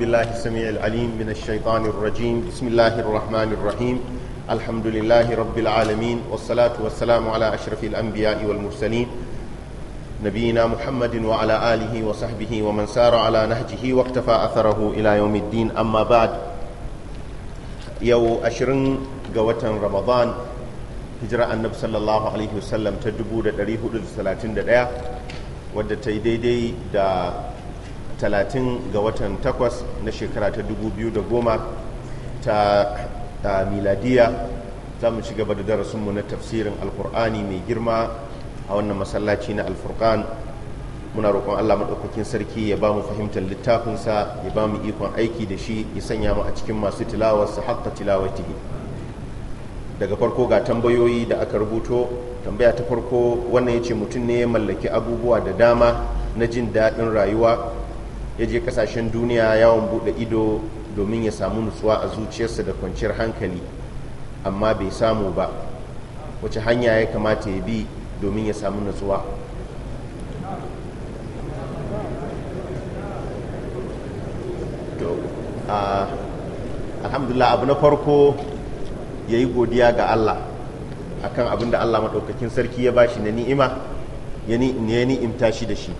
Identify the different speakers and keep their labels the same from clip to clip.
Speaker 1: بالله السميع العليم من الشيطان الرجيم بسم الله الرحمن الرحيم الحمد لله رب العالمين والصلاة والسلام على أشرف الأنبياء والمرسلين نبينا محمد وعلى آله وصحبه ومن سار على نهجه واقتفى أثره إلى يوم الدين أما بعد يو أشرن قوة رمضان هجرة النبي صلى الله عليه وسلم تدبو دا دريه ودى ta yi daidai da 30 ga watan 8 na shekara ta 2010 ta miladiya za mu ci gaba da darasinmu na tafsirin alkur'ani mai girma a wannan masallaci na alfurkan muna roƙon allah maɗaukakin sarki ya ba mu fahimtar littafinsa ya ba mu ikon aiki da shi ya sanya mu a cikin masu tilawarsa haƙƙa tilawatihi daga farko ga tambayoyi da aka rubuto tambaya ta farko wannan ya ce mutum ne ya mallaki abubuwa da dama na jin daɗin rayuwa ya je kasashen duniya yawon buɗe ido domin ya samu nutsuwa a zuciyarsa da kwanciyar hankali amma bai samu ba wace hanya ya kamata ya bi domin ya samu nutsuwa alhamdulillah abu na farko ya yi godiya ga allah akan abin da allah maɗaukakin sarki ya ba shi na ni'ima ya ni'imta shi da shi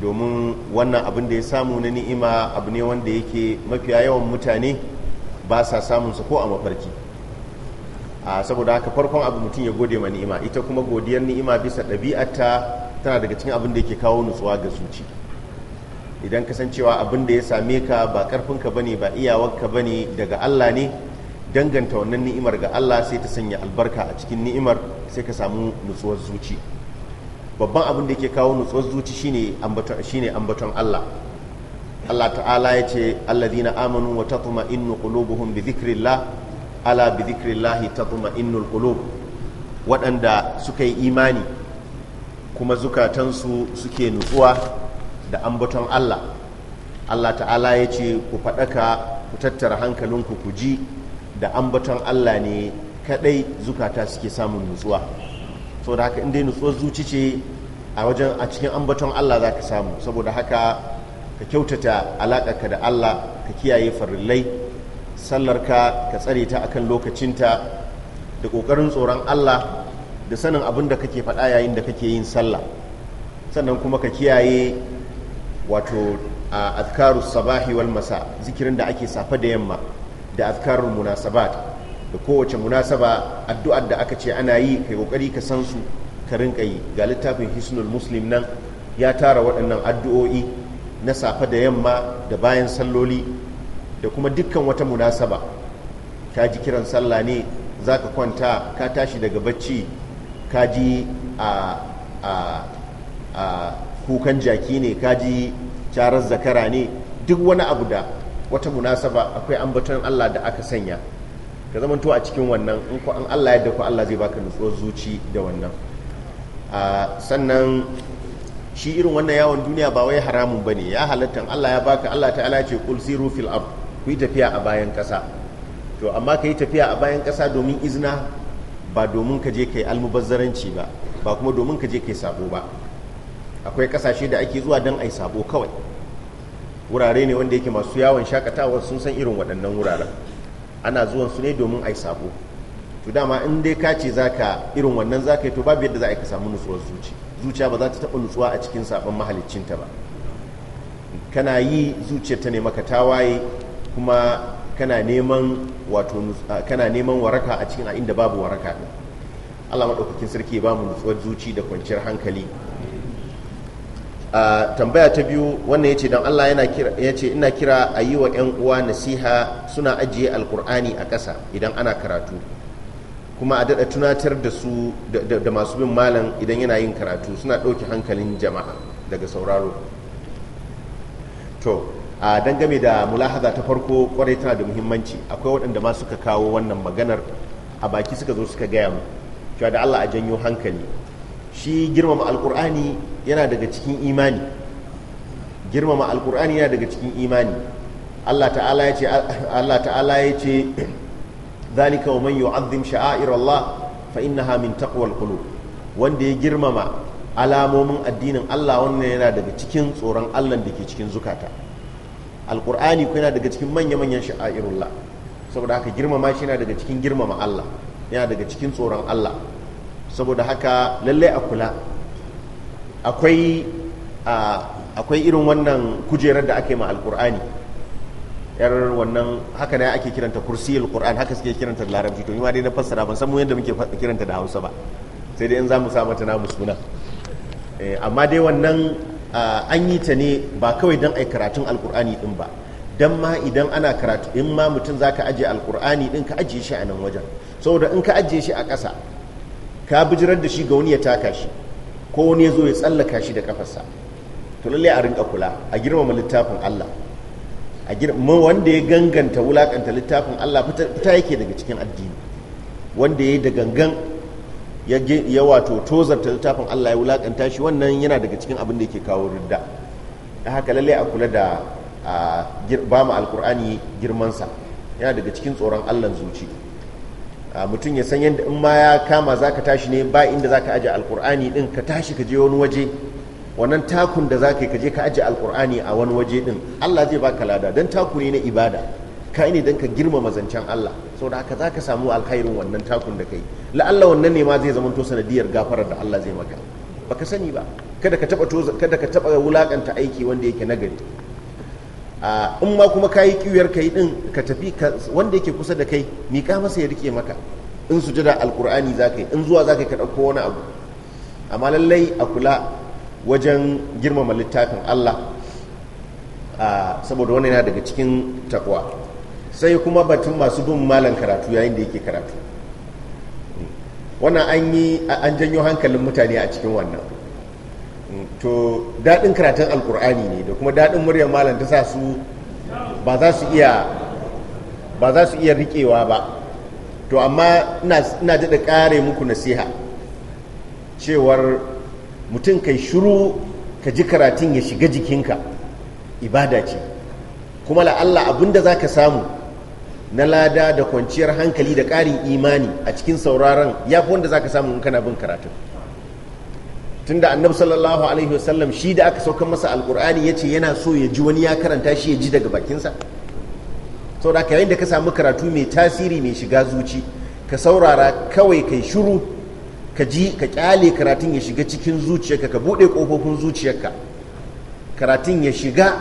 Speaker 1: domin wannan abin da ya samu na ni'ima abu ne wanda yake mafiya yawan mutane ba sa samunsa ko a mafarki a saboda haka farkon abu mutum ya gode ma ni'ima ita kuma godiyar ni'ima bisa ɗabi'arta tana daga cikin abin da yake kawo nutsuwa ga zuci idan kasancewa abin da ya same ka ba ƙarfinka ba ne ba iyawarka ba ne daga allah ne danganta wannan ni'imar ga allah sai ta sanya albarka a cikin ni'imar sai ka samu nutsuwar zuci babban abin da yake kawo nutsuwar zuci shine ambaton shine ambaton Allah Allah ta'ala ya ce alladhina amanu wa tatma'innu qulubuhum bi dhikrillah ala bi dhikrillah tatma'innul alqulub waɗanda suka yi imani kuma zukatansu suke nutsuwa da ambaton Allah Allah ta'ala ya ce ku faɗaka ku tattara hankalinku ku ji da ambaton Allah ne kadai zukata suke samun nutsuwa saboda haka inda nutsuwar zuci ce a wajen a cikin ambaton Allah za ka samu saboda haka ka kyautata ka da Allah ka kiyaye farillai sallar ka ka tsare ta akan lokacinta da ƙoƙarin tsoron Allah da sanin abin da kake faɗa yayin da kake yin sallah sannan kuma ka kiyaye wato a azkarus sabahi wal masa zikirin da ake safa da yamma da azkarul munasabat da kowace munasaba addu'ar da aka ce ana yi kai kokari ka san su ka rinka yi ga littafin hisnul muslim nan ya tara waɗannan addu'o'i na safa da yamma da bayan salloli da kuma dukkan wata munasaba ka ji kiran sallah ne za ka kwanta ka tashi daga bacci ka ji a kukan jaki ne ka ji carar zakara ne duk wani abu da wata munasaba akwai ambaton Allah da aka sanya ka zamanto a cikin wannan in ku an Allah yadda ku Allah zai baka nutsuwar zuci da wannan sannan shi irin wannan yawon duniya ba wai haramun bane ya halatta Allah ya baka Allah ta'ala ce kul siru fil ard ku yi tafiya a bayan kasa to amma ka yi tafiya a bayan kasa domin izina ba domin ka je kai almubazzaranci ba ba kuma domin ka je kai sabo ba akwai kasashe da ake zuwa don ai sabo kawai wurare ne wanda yake masu yawon shakatawa sun san irin waɗannan wuraren ana zuwan su ne domin ai sabo to dama in dai ka ce zaka irin wannan zaka yi to babu yadda za a yi ka samu nutsuwar zuci zuciya ba za ta taɓa nutsuwa a cikin sabon mahaliccinta ba kana yi zuciyar ne maka tawaye kuma kana neman wato neman waraka a cikin inda babu waraka din Allah maɗaukakin sarki ya mu nutsuwar zuci da kwanciyar hankali tambaya ta biyu wannan yace dan Allah yana kira yace ina kira a yi wa 'yan uwa nasiha suna ajiye alkur'ani a ƙasa idan ana karatu kuma a daɗa tunatar da su da masu bin malam idan yana yin karatu suna ɗauki hankalin jama'a daga sauraro to a dangame da mulahaza ta farko kwarai tana da muhimmanci akwai waɗanda ma suka kawo wannan maganar a baki suka zo suka gaya mu cewa da Allah a janyo hankali shi girmama alkur'ani yana daga cikin imani girmama alkur'ani yana daga cikin imani Allah ta'ala ya ce zalika wa man yu'azzim sha'air Allah fa innaha min taqwal qulub wanda ya girmama alamomin addinin Allah wannan yana daga cikin tsoron Allah da ke cikin zukata alqur'ani ko yana daga cikin manya manyan sha'airullah saboda haka girmama shi yana daga cikin girmama Allah yana daga cikin tsoron Allah saboda haka lalle kula akwai akwai irin wannan kujerar da aka yi ma alqur'ani yar wannan haka ne ake kiranta kursiyul qur'an haka suke kiranta da larabci to ni ma dai na fassara ban san mu yadda muke kiranta da hausa ba sai dai in za mu sa mata namu suna eh, amma dai wannan ah, an yi ta ne ba kawai don ai karatun alkur'ani din ba don ma idan ana karatu in ma mutum za ka ajiye alkur'ani din ka ajiye shi a nan wajen saboda in ka ajiye shi a ƙasa ka bijirar da shi ga wani ya taka shi ko wani ya zo ya tsallaka shi da kafarsa to lallai a rinka kula a girmama littafin allah a girma wanda ya ganganta wulakanta littafin Allah fita yake daga cikin addini wanda ya yi da gangan ya wato tozarta littafin Allah ya wulakanta shi wannan yana daga cikin abin da yake kawo ridda da haka lallai a kula da ba mu alkur'ani girmansa yana daga cikin tsoron Allah zuci mutum ya san yadda in ma ya kama za ka tashi ne ba inda ka aje alkur'ani din ka tashi ka je wani waje wannan takun da zaka ka je ka ajiye alkur'ani a wani waje din Allah zai baka lada dan taku ne na ibada ka ne dan ka girmama zancen Allah saboda haka zaka samu alkhairin wannan takun da kai la'alla wannan ne ma zai zama to sanadiyar gafarar da Allah zai maka baka sani ba kada ka taba kada wulakanta aiki wanda yake nagari in ma kuma kayi ka kai din ka tafi wanda yake kusa da kai miƙa masa ya rike maka in sujada alkur'ani zaka yi in zuwa zaka ka dauko wani abu amma lallai a kula wajen girmama littafin Allah saboda wani yana daga cikin takwa sai kuma batun masu bin malan karatu yayin da yake karatu wannan an yi an janyo hankalin mutane a cikin wannan to daɗin karatun alkur'ani ne da kuma daɗin muryar malam ta sa su ba za su iya iya riƙewa ba to amma ina daɗa ƙare muku nasiha cewar mutum kai shuru ka ji karatun ya shiga jikinka ibada ce kuma la'alla abinda za ka samu na lada da kwanciyar hankali da ƙarin imani a cikin sauraron ya fi wanda za ka samu in kana bin karatun tunda annabi sallallahu alaihi wasallam shi da aka saukan masa alkur'ani ya ce yana so ya ji wani ya karanta shi ya ji daga bakinsa saboda ka yayin da ka samu karatu mai tasiri mai shiga zuci ka saurara kawai kai shuru. ka ji ka kyale karatun ya shiga cikin zuciyarka ka buɗe ƙofofin zuciyarka karatun ya shiga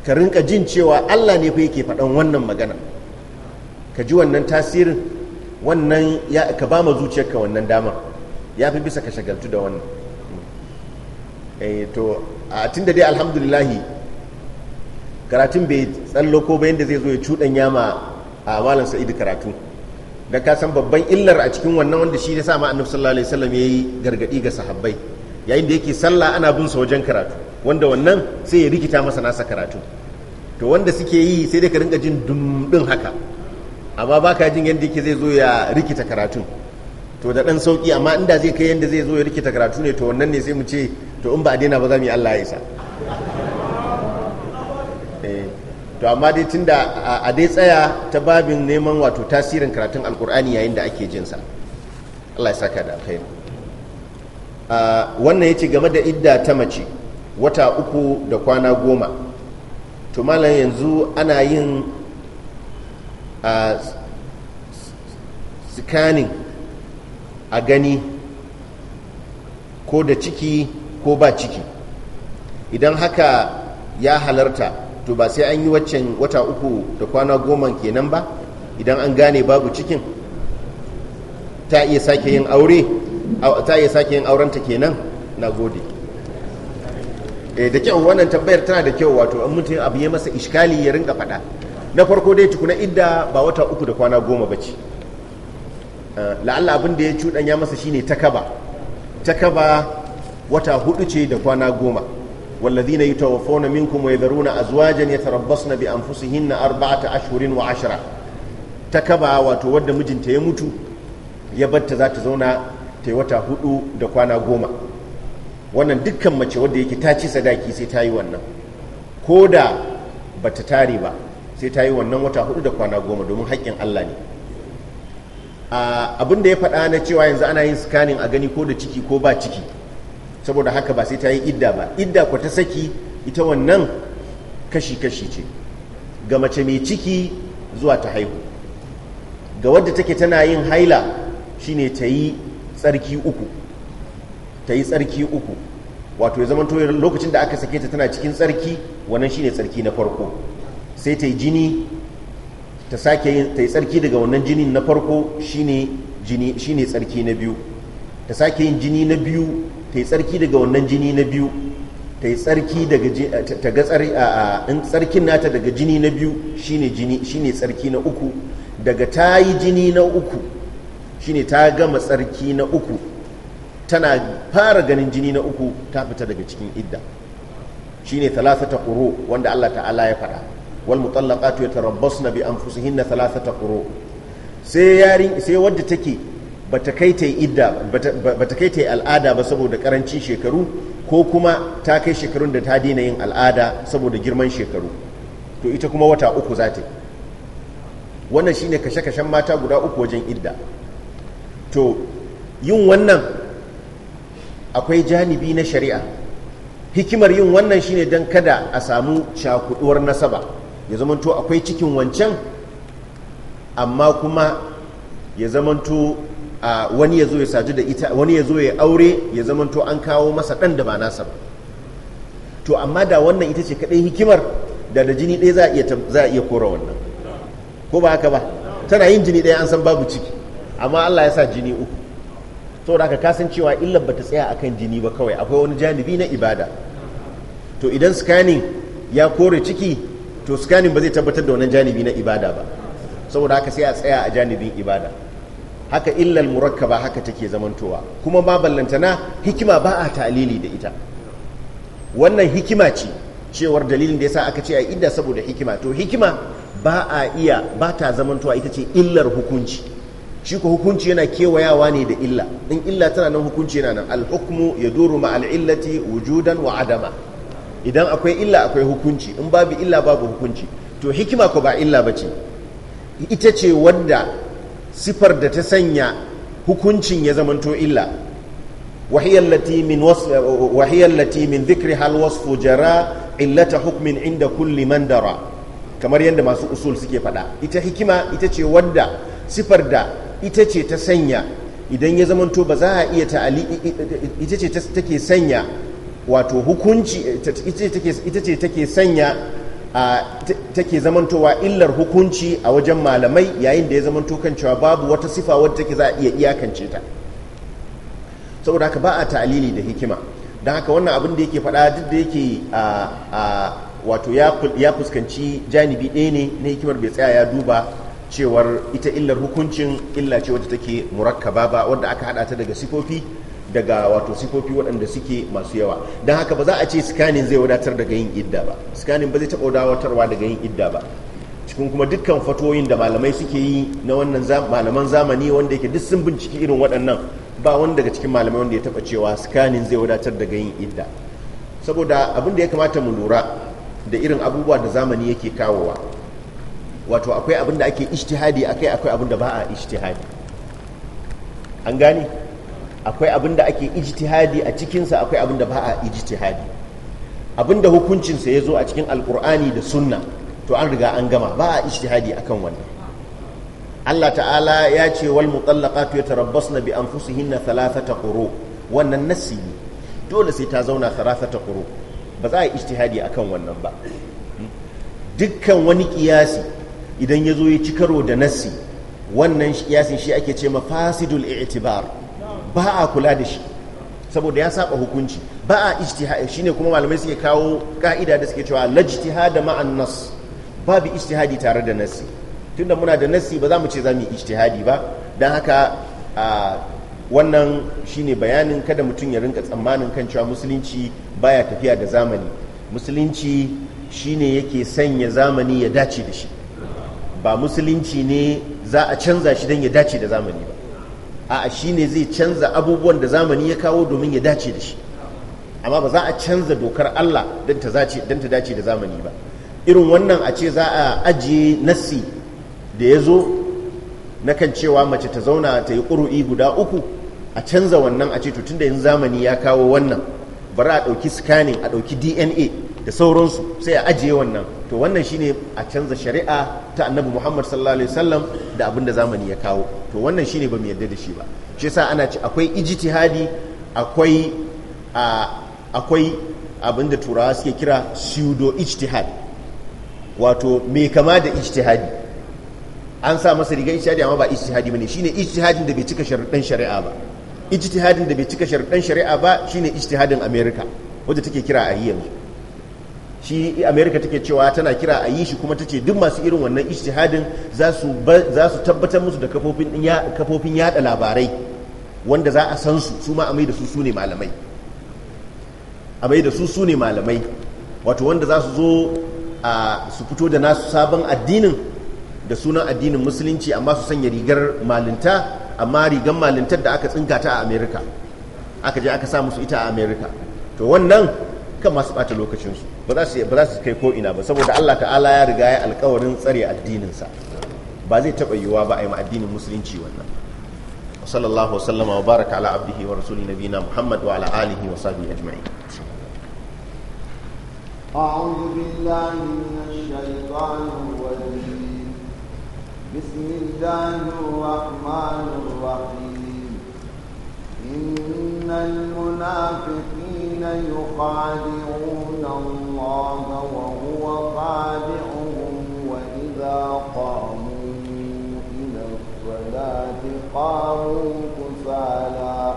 Speaker 1: ka rinka jin cewa Allah ne fa yake faɗan wannan magana ka ji wannan tasirin wannan ya ka ba ma zuciyarka wannan damar ya fi bisa ka shagaltu da wannan eh to a da dai alhamdulillahi karatun bai tsallo ko bayan da zai zo ya cuɗanya ma a malam sa'idu karatu da ka san babban illar a cikin wannan wanda shi ne sa ma annabi sallallahu alaihi wasallam yayi gargadi ga sahabbai yayin da yake sallah ana bin sa wajen karatu wanda wannan sai ya rikita masa nasa karatu to wanda suke yi sai dai ka rinka jin dum haka amma baka jin yadda yake zai zo ya rikita karatu to da dan sauki amma inda zai kai yadda zai zo ya rikita karatu ne to wannan ne sai mu ce to in ba a daina ba za mu yi Allah ya isa to amma dai tunda a dai tsaya ta babin neman wato tasirin karatun alkur'ani yayin da ake jinsa Allah ya saka da alkhairi wannan yace game da idda ta mace wata uku da kwana goma to malam yanzu ana yin scanning a gani ko da ciki ko ba ciki idan haka ya halarta to ba sai an yi waccan wata uku da kwana goma kenan ba idan an gane babu cikin ta iya sake yin aure ta iya sake yin aurenta kenan na gode eh, da kyau wannan tambayar tana da kyau wato an mutum abu ya masa iskali ya rinka faɗa na farko dai tukuna idda ba wata uku da kwana goma ba ce eh, la'alla abin da ya cuɗanya masa shine takaba takaba wata hudu ce da kwana goma والذين يتوفون منكم ويذرون أزواجا يتربصن بأنفسهن أربعة أشهر وعشرة تكبا وتود مجن تيموت يبت ذات زونا تيوتا هدو دقوانا قوما wannan dukkan mace wadda yake ta ci sadaki sai ta yi wannan ko da ba ta tare ba sai ta yi wannan wata hudu da kwana goma domin haƙƙin Allah ne ah, abin da ya faɗa na cewa yanzu ana yin scanning a gani ko da ciki ko ba ciki saboda haka ba sai ta yi idda ba idda ku ta saki ita wannan kashi-kashi ce ga mace mai ciki zuwa ta haihu ga wadda take tana yin haila shine ta yi tsarki uku ta yi tsarki uku wato ya zamanto lokacin da aka sake ta tana cikin tsarki wannan shine tsarki na farko sai ta yi jini ta sake ta yi tsarki daga wannan jinin na farko shine jini shine tsarki na biyu ta sake yin jini na biyu ta yi tsarki daga wannan jini na biyu ta yi tsarki daga ta ga tsari a in tsarkin nata daga jini na biyu shine jini shine tsarki na uku daga ta yi jini na uku shine ta gama tsarki na uku tana fara ganin jini na uku ta fita daga cikin idda shine thalathata quru wanda Allah ta'ala ya faɗa wal mutallaqatu yatarabbasna bi anfusihinna thalathata quru sai yarin sai wadda take bata kai ta yi kai ta al'ada ba saboda karancin shekaru ko kuma ta kai shekarun da ta daina yin al'ada saboda girman shekaru to ita kuma wata uku za ta wannan shine kashe-kashen mata guda uku wajen idda to yin wannan akwai janibi na shari'a hikimar yin wannan shine don kada a samu cakuduwar nasaba ya zamanto akwai cikin wancan amma kuma ya zamanto wani ya zo ya saji da ita wani ya zo ya aure ya zamanto an kawo masa ɗan da ba nasa ba to amma da wannan ita ce kaɗai hikimar da da jini ɗaya za a iya kora wannan ko ba haka ba tana yin jini ɗaya an san babu ciki amma Allah ya sa jini uku saboda haka kasan cewa ba bata tsaya akan jini ba kawai akwai wani janibi na ibada to idan scanning ya kore ciki to scanning ba zai tabbatar da wannan janibi na ibada ba saboda haka sai a tsaya a janibin ibada haka illal murakkaba haka take zamantowa kuma ba ballantana hikima ba a ta'lili da ita wannan hikima ce cewar dalilin da ya sa aka ce a idda saboda hikima to hikima ba a iya ba ta zamantowa ita ce illar hukunci shi ko hukunci yana kewayawa ne da illa in illa tana nan hukunci yana nan al-hukmu yaduru ma illati wujudan wa adama idan akwai illa akwai hukunci in babu illa babu hukunci to hikima ko ba illa bace ita ce wanda sifar da ta sanya hukuncin ya zamanto illa wahiyallati min zikri min hal wasfu jara illata hukmin inda kulli mandara kamar yadda masu usul suke fada. ita hikima ita ce wadda sifar da ita ce ta sanya idan ya zamanto ba za a iya ta'ali ita ce take sanya wato hukunci ita ce take sanya take zamantowa illar hukunci a wajen malamai yayin da ya zamanto kan cewa babu wata sifa wadda take za a iya iyakance ta saboda haka ba a ta'alili da hikima don haka wannan abin da yake faɗa duk da yake wato ya fuskanci janibi ɗaya ne na hikimar bai tsaya ya duba cewar ita illar hukuncin illa ce wadda take murakkaba ba wadda aka haɗa ta daga sifofi daga wato sifofi waɗanda suke masu yawa don haka ba za a ce scanning zai wadatar daga yin idda ba scanning ba zai taɓa wadatarwa daga yin idda ba cikin kuma dukkan fatoyin da malamai suke yi na wannan malaman zamani wanda yake duk sun binciki irin waɗannan ba wani daga cikin malamai wanda ya taɓa cewa scanning zai wadatar daga yin idda saboda abin da ya kamata mu lura da irin abubuwa da zamani yake kawowa wato akwai abin da ake ishtihadi akai akwai abin da ba a ishtihadi an gane akwai abin da ake ijtihadi a cikinsa akwai abin da ba a ijtihadi abin da hukuncinsa ya zo a cikin alkur'ani da sunna to an riga an gama ba a ijtihadi akan wannan Allah ta'ala ya ce wal mutallaqatu yatarabbasna bi anfusihinna thalathata quru wannan nassi ne dole sai ta zauna thalathata quru ba za a ijtihadi akan wannan ba dukkan wani kiyasi idan ya zo ya ci karo da nassi wannan kiyasin shi ake ce fasidul i'tibar ba a kula da shi saboda ya saba hukunci ba a ijtihadi shine kuma malamai suke kawo ka'ida da suke cewa la ijtihada ma'an nas babu ijtihadi tare da nasi tunda muna da nasi ba za mu ce za mu yi ijtihadi ba dan haka wannan shine bayanin kada mutum ya rinka tsammanin kan cewa musulunci baya tafiya da zamani musulunci shine yake sanya zamani ya dace da shi ba musulunci ne za a canza shi don ya dace da zamani ba a'a ne zai canza abubuwan da zamani ya kawo domin ya dace da shi amma ba za a canza dokar Allah don ta dace da zamani ba irin wannan a ce za a ajiye nassi da ya zo na kan cewa mace ta zauna ta yi ƙuru'i guda uku a canza wannan a ce to tunda yin zamani ya kawo wannan bari a ɗauki scanning a ɗauki dna da sauransu sai a ajiye wannan to wannan shine a canza shari'a ta annabi muhammad sallallahu alaihi wasallam da abin da zamani ya kawo to wannan shine ba mu yarda da shi ba shi yasa ana ci akwai ijtihadi akwai akwai abin da turawa suke kira pseudo ijtihad wato me kama da ijtihadi an sa masa rigar ijtihadi amma ba ijtihadi bane shine ijtihadin da bai cika sharuɗan shari'a ba ijtihadin da bai cika sharuɗan shari'a ba shine ijtihadin america wanda take kira a yanzu shi america take cewa tana kira a yi shi kuma tace duk masu irin wannan ijtihadin za su tabbatar musu da kafofin yada labarai wanda za a san su su ma da su su ne malamai a mai da su su ne malamai wato wanda za su zo a su fito da nasu sabon addinin da sunan addinin musulunci amma su sanya rigar malinta amma rigar malintar da aka tsinka ta a america aka je aka sa musu ita a america to wannan kan masu bata lokacinsu ba za su kai ko ina ba saboda Allah ta'ala ya riga ya alkawarin tsare addininsa, ba zai taɓa yiwuwa ba a yi addinin musulunci wannan sallallahu wa sallama wa baraka ala abdihi wa rasuli nabina muhammad wa ala alihi wa sahbihi ajma'in
Speaker 2: أعوذ بالله من الشيطان الرجيم بسم الله الرحمن الرحيم إن المنافقين يخادعون الله الله وهو قادعهم وإذا قاموا إلى الصلاة قاموا كسالا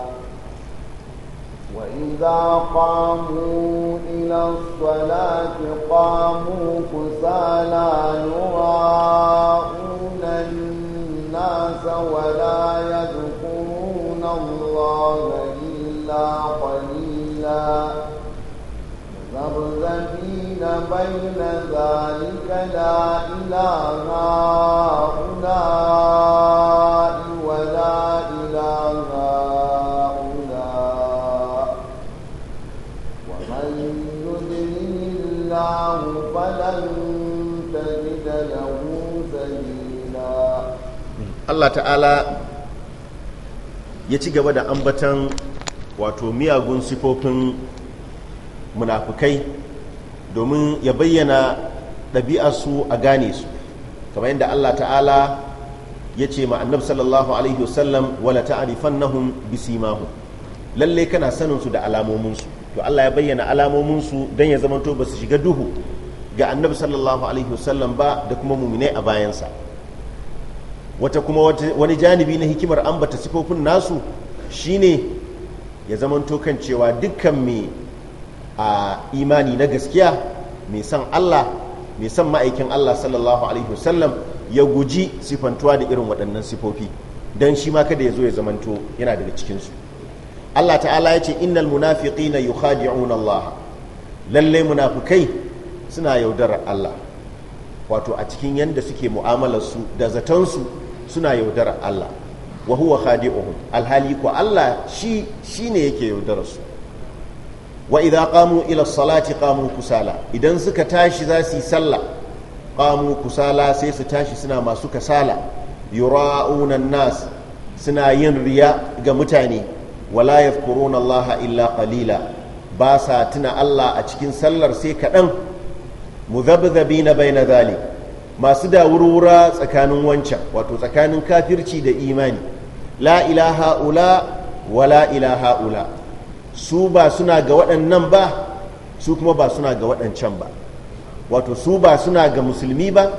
Speaker 2: وإذا قاموا إلى الصلاة قاموا كسالا يراءون الناس ولا يذكرون الله إلا قليلاً sansani na bai nan zaji kada ina n'a'una in wala
Speaker 1: allah ta'ala ya ci gaba da ambatan wato miyagun sifofin. munafukai domin ya bayyana ɗabi'arsu a gane su kamar yadda Allah ta'ala ya ce ma annabi sallallahu alaihi wasallam wala ta'rifannahum bisimahum lalle kana sanin su da alamominsu to Allah ya bayyana alamominsu don ya zamanto ba su shiga duhu ga annabi sallallahu alaihi wasallam ba da kuma muminai a bayansa wata kuma wani janibi na hikimar ambata sifofin nasu shine ya zamanto kan cewa dukkan mai a imani na gaskiya mai san Allah mai san ma'aikin Allah sallallahu alaihi wasallam ya guji sifantuwa da irin waɗannan sifofi don shi ma kada ya zo ya zamanto yana daga cikinsu Allah ta'ala ya ce innal munafiqina yukhadi'una Allah lallai munafikai suna yaudar Allah wato a cikin yadda suke mu'amalarsu da zatonsu suna yaudar Allah wa huwa khadi'uhum alhali ko Allah shi ne yake yaudararsu wa idza qamu ila salati kusala idan suka tashi za su yi sallah qamu kusala sai su tashi suna masu kasala yuraunan nas suna yin riya ga mutane wala yadhkuruna Allah illa qalila ba sa tuna Allah a cikin sallar sai kaɗan muzabzabina baina zalik masu dawurwura tsakanin wancan wato tsakanin kafirci da imani la ilaha ula wala ilaha ula su ba suna ga waɗannan ba su kuma ba suna ga waɗancan ba wato su ba suna ga musulmi ba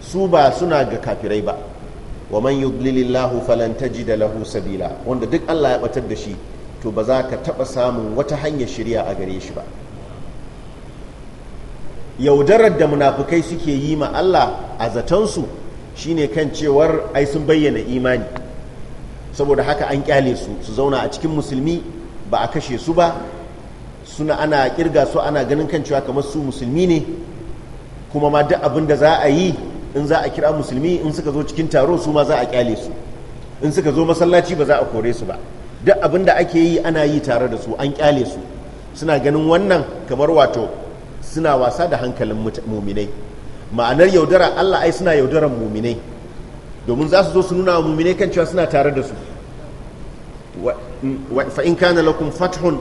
Speaker 1: su ba suna ga kafirai ba wa man yudlilillahu ji da lahu sabila wanda duk Allah ya batar da shi to ba za ka taɓa samun wata hanyar shirya a gare shi ba yaudarar da munafukai suke yi ma Allah a zatansu shine kan cewar ai sun bayyana imani saboda haka an kyale su su zauna a cikin musulmi ba a kashe su ba suna ana kirga su ana ganin kan cewa kamar su musulmi ne kuma ma duk abin da za a yi in za a kira musulmi in suka zo cikin taro su ma za a kyale su in suka zo masallaci ba za a kore su ba duk abin da ake yi ana yi tare da su an kyale su suna ganin wannan kamar wato suna wasa da hankalin muminai ma'anar yaudara Allah ai suna yaudaran muminai domin za su zo su nuna wa muminai kan cewa suna tare da su fa in kana lakum fathun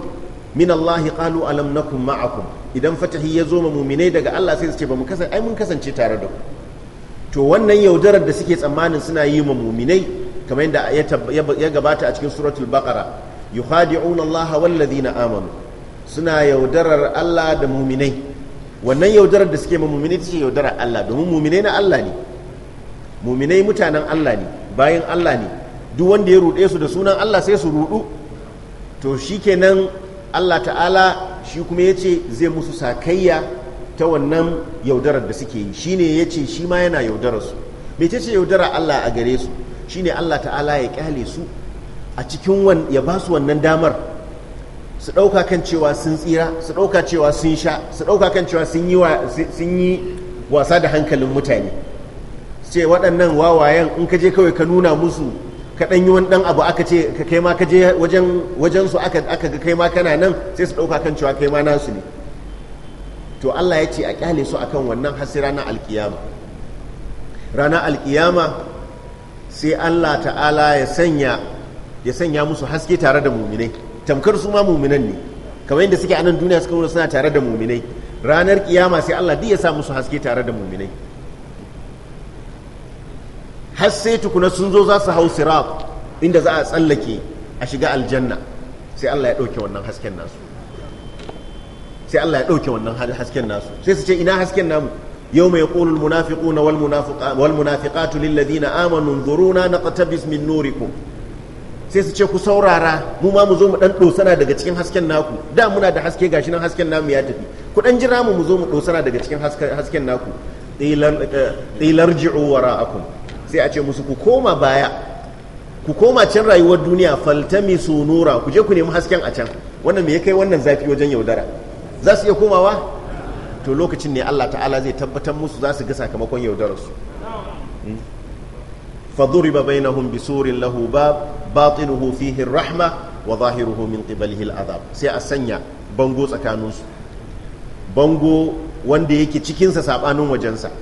Speaker 1: min Allah qalu alam nakum ma'akum idan fatahi ya zo ma mu'minai daga Allah sai su ce ba mu kasance ai mun kasance tare da ku to wannan yaudarar da suke tsammanin suna yi ma mu'minai kamar yadda ya gabata a cikin suratul baqara yukhadi'una Allah wal ladina amanu suna yaudarar Allah da mu'minai wannan yaudarar da suke ma mu'minai ce yaudarar Allah domin mu'minai na Allah ne mu'minai mutanen Allah ne bayan Allah ne duk wanda ya ruɗe su da sunan Allah sai su ruɗu to shikenan Allah ta'ala shi kuma ya ce zai musu sakayya ta wannan yaudarar da suke yi shine ya ce shi ma yana yaudarar su mece ce yaudarar Allah a gare su shine Allah ta'ala ya kyale su a cikin ya ba su wannan damar su ɗauka kan cewa sun tsira su ɗauka cewa sun sha su ɗauka kan cewa sun yi wasa da hankalin mutane ce waɗannan wawayen in ka je kawai ka nuna musu kaɗan yi wani ɗan abu aka ce ka kai ma ka je wajen su aka ga kai ma kana nan sai su ɗauka kan cewa kai ma nasu ne to Allah ya ce a kyale su akan wannan hasi ranar alkiyama ranar alkiyama sai Allah ta'ala ya sanya ya sanya musu haske tare da muminai tamkar su ma muminan ne kamar yadda suke a nan duniya suka nuna suna tare da muminai ranar ƙiyama sai Allah duk ya sa musu haske tare da muminai har sai tukuna sun zo za su hau sirat inda za a tsallake a shiga aljanna sai Allah ya ɗauke wannan hasken nasu sai Allah ya ɗauke wannan hasken nasu sai su ce ina hasken namu يوم يقول المنافقون والمنافق والمنافقات للذين آمنوا انظرونا نقتبس min nurikum sai su ce ku saurara mu ma mu zo mu dan dosana daga cikin hasken naku da muna da haske gashi nan hasken namu ya tafi ku dan jira mu mu zo mu dosana daga cikin hasken naku eh, qilarji'u wara'akum sai a ce musu ku koma baya ku koma can rayuwar duniya faltami su nura ku je ku nemi hasken a can wannan me ya kai wannan zafi wajen yaudara za su iya komawa to lokacin ne Allah ta'ala zai tabbatar musu za su ga sakamakon yaudararsu hmm? surin lahu ba له باب rahma wa الرحمة وظاهره ƙibalihil azab sai a sanya bango tsakaninsu bango wanda yake cikinsa saɓanin wajensa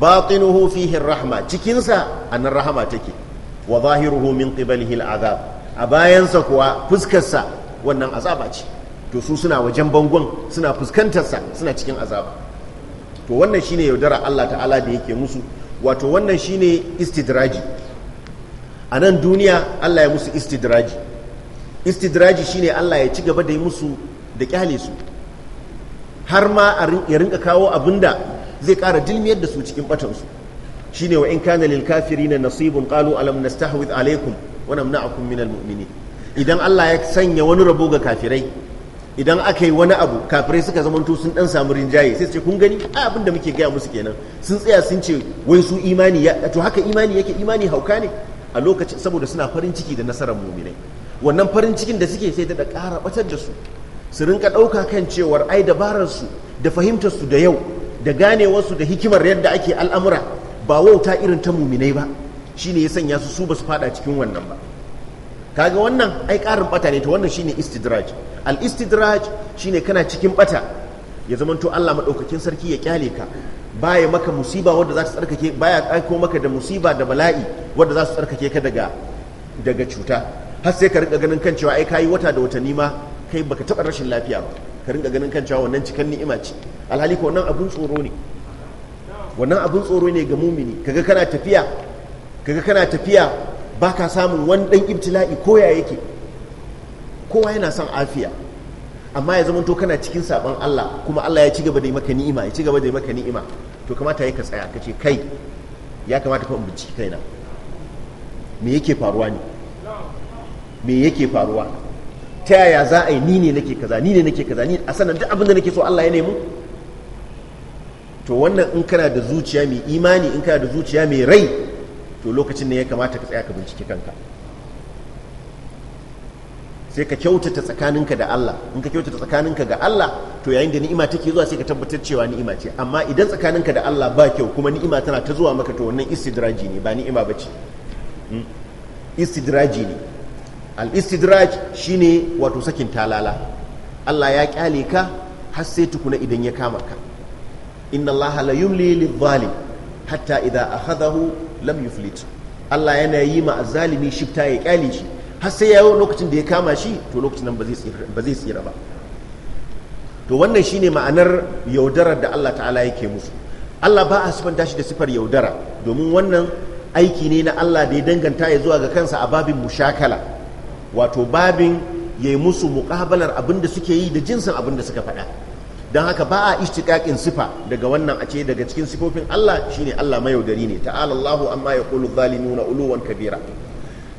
Speaker 1: batinuhu fihi rahma cikinsa a nan rahama take wa zahiruhu min qibalihi al'azab a bayansa kuwa fuskarsa wannan azaba ce to su suna wajen bangon suna fuskantarsa suna cikin azaba to wannan shine yaudara Allah ta'ala da yake musu wato wannan shine istidraji a nan duniya Allah ya musu istidraji istidraji shine Allah ya ci gaba da yi musu da kyale su har ma ya rinka kawo abinda zai kara dilmiyar da su cikin batansu shine wa in kana lil kafirina nasibun qalu alam nastahwid alaikum wa namna'akum min al mu'minin idan Allah ya sanya wani rabo ga kafirai idan aka yi wani abu kafirai suka zama to sun dan samu rinjaye sai su ce kun gani a abin da muke gaya musu kenan sun tsaya sun ce wai su imani ya to haka imani yake imani hauka ne a lokacin saboda suna farin ciki da nasarar muminai wannan farin cikin da suke sai da ƙara batar da su su rinka ɗauka kan cewar ai dabarar su da fahimtar su da yau da ganewarsu da hikimar yadda ake al'amura ba wauta irin ta muminai ba shine ya sanya su su ba su fada cikin wannan ba kaga wannan ai karin bata ne to wannan shine istidraj al istidraj shine kana cikin bata ya zamanto Allah madaukakin sarki ya kyale ka baya maka musiba wadda za ta tsarkake baya aiko maka da musiba da bala'i wadda za su tsarkake ka daga daga cuta har sai ka rika ganin kan cewa ai kayi wata da watanni ma kai baka taɓa rashin lafiya ba ka rinka ganin kan cewa wannan cikin ni'ima ce alhali ko wannan abun tsoro ne wannan abun tsoro ne ga mumini kaga kana tafiya kaga kana tafiya baka samun wani dan ibtila'i ko ya yake kowa yana son afiya amma ya zama to kana cikin saban Allah kuma Allah ya ci gaba da maka ni'ima ya ci gaba da maka ni'ima to kamata ya ka tsaya ka ce kai ya kamata fa in binciki kaina me yake faruwa ne me yake faruwa ta yaya za a yi ni ne nake kaza ni ne nake kaza ni a sanar duk abin da nake so Allah ya nemo to wannan in kana da zuciya mai imani in kana da zuciya mai rai to lokacin ne ya kamata ka tsaya ka bincike kanka sai ka kyautata tsakaninka da Allah in ka kyautata tsakaninka ga Allah to yayin da ni'ima take zuwa sai ka tabbatar cewa ni'ima ce amma idan tsakaninka da Allah ba kyau kuma ni'ima tana ta zuwa maka to wannan istidraji ne ba ni'ima bace hmm? istidraji ne al-istidraj shine wato sakin talala Allah ya kyale ka har sai tukuna idan ya kama ka inna Allah la yumli lidh-dhalim hatta idha akhadahu lam yuflit Allah yana yi ma azalimi shifta ya kyale shi har sai ya lokacin da ya kama shi to lokacin nan ba zai tsira ba to wannan shine ma'anar yaudarar da Allah ta'ala yake musu Allah ba a sifanta shi da sifar yaudara domin wannan aiki ne na Allah da ya danganta ya zuwa ga kansa a babin mushakala wato babin ya yi musu muƙabalar abin da suke yi da jinsin abin da suka faɗa don haka ba a ishtiƙaƙin sifa daga wannan a ce daga cikin sifofin Allah shine Allah mayaudari ne ta'ala Allahu amma ya qulu zalimuna uluwan kabira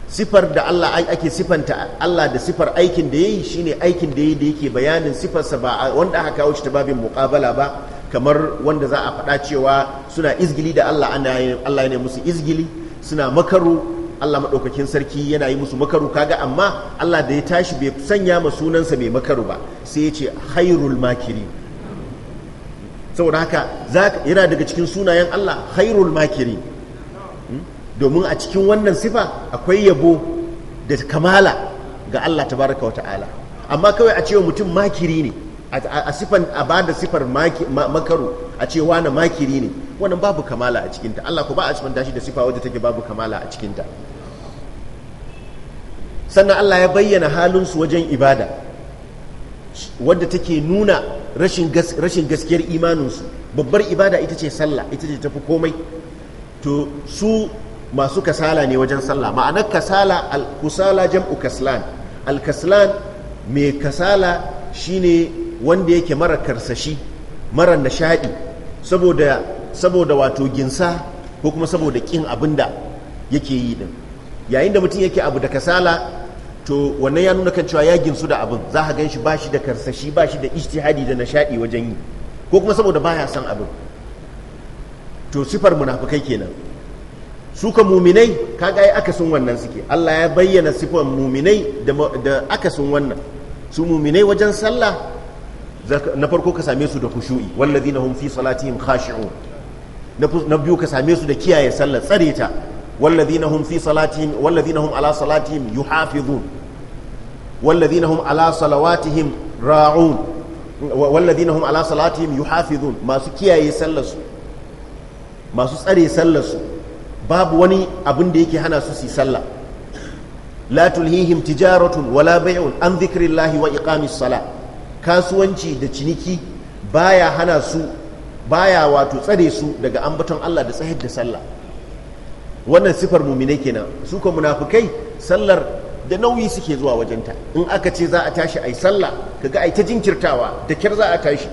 Speaker 1: sifar da Allah ake sifanta Allah da sifar aikin da ya yayi shine aikin da ya yi da yake bayanin sifarsa ba wanda aka kawo shi ta babin muƙabala ba kamar wanda za a faɗa cewa suna izgili da Allah ana Allah ne musu izgili suna makaru Allah maɗaukakin sarki yana yi musu makaru kaga amma Allah da ya tashi bai sanya ma sunansa mai makaru ba sai ya ce hairul makiri saboda haka yana daga cikin sunayen Allah hairul makiri hmm? domin a cikin wannan sifa akwai yabo da kamala ga Allah tabaraka wa ta'ala amma kawai a cewa mutum makiri ne a sifan a ba da sifar makaru a ce wani makiri ne wannan babu kamala a cikinta Allah ko ba a sifanta shi da sifa wadda take babu kamala a cikinta sannan Allah ya bayyana halinsu wajen ibada wadda take nuna rashin gaskiyar imaninsu babbar ibada ita ce sallah ita ce tafi komai to su masu kasala ne wajen sallah ma'anar kasala al-kusala jam'u kaslan al-kaslan mai kasala shine wanda yake mara karsashi mara nishadi saboda saboda wato ginsa ko kuma saboda kin abinda yake yi din yayin da mutum yake abu da kasala to wannan ya nuna kan cewa ya ginsu da abin za gan ganshi ba shi da karsashi ba shi da ijtihadi da nishaɗi wajen yi ko kuma saboda baya son abin to sifar munafukai kenan su ka muminai kaga ai akasin wannan suke Allah ya bayyana sifar muminai da da akasin wannan su muminai wajen sallah na farko ka same su da khushu'i wallazina hum fi salatihim khashi'un na biyu ka same su da kiyaye sallah tsareta. والذين هم في صلاتهم والذين هم على صلاتهم يحافظون والذين هم على صلواتهم راعون والذين هم على صلاتهم يحافظون ما سكياي سلسو ما سسري سلسو باب وني أبن ديكي هنا سسي سلا لا تلهيهم تجارة ولا بيع عن ذكر الله وإقام الصلاة كاسوانشي دتشنيكي بايا هنا سو بايا واتو سري سو دقا أنبتن الله دسهد دسلا wannan sifar muminai kenan su ka munafukai sallar da nauyi suke zuwa wajenta in aka ce za a tashi ai sallah kaga ai ta jinkirtawa da kyar za a tashi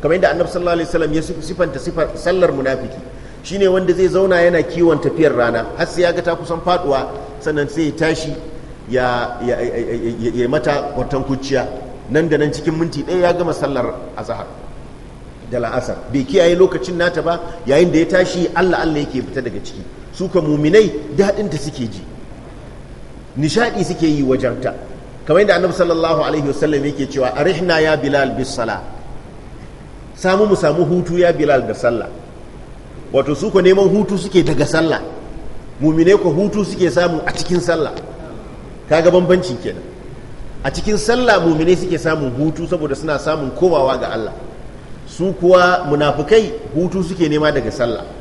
Speaker 1: kamar yadda annabi sallallahu alaihi wasallam ya sifanta sifar sallar munafiki shine wanda zai zauna yana kiwon tafiyar rana har sai ya ga ta kusan faduwa sannan sai ya tashi ya ya mata kwartan kuciya nan da nan cikin minti ɗaya ya gama sallar azhar da la'asar bai kiyaye lokacin nata ba yayin da ya tashi Allah Allah yake fita daga ciki su ka muminai daɗinta suke ji nishaɗi suke yi wajenta kamar yadda annabi sallallahu alaihi wasallam yake cewa arihna ya bilal bis sala samu mu samu hutu ya bilal da sallah wato su ko neman hutu suke daga sallah muminai ko hutu suke samu a cikin sallah kaga bambancin kenan a cikin sallah muminai suke samun hutu saboda suna samun kowawa ga Allah su kuwa munafukai hutu suke nema daga sallah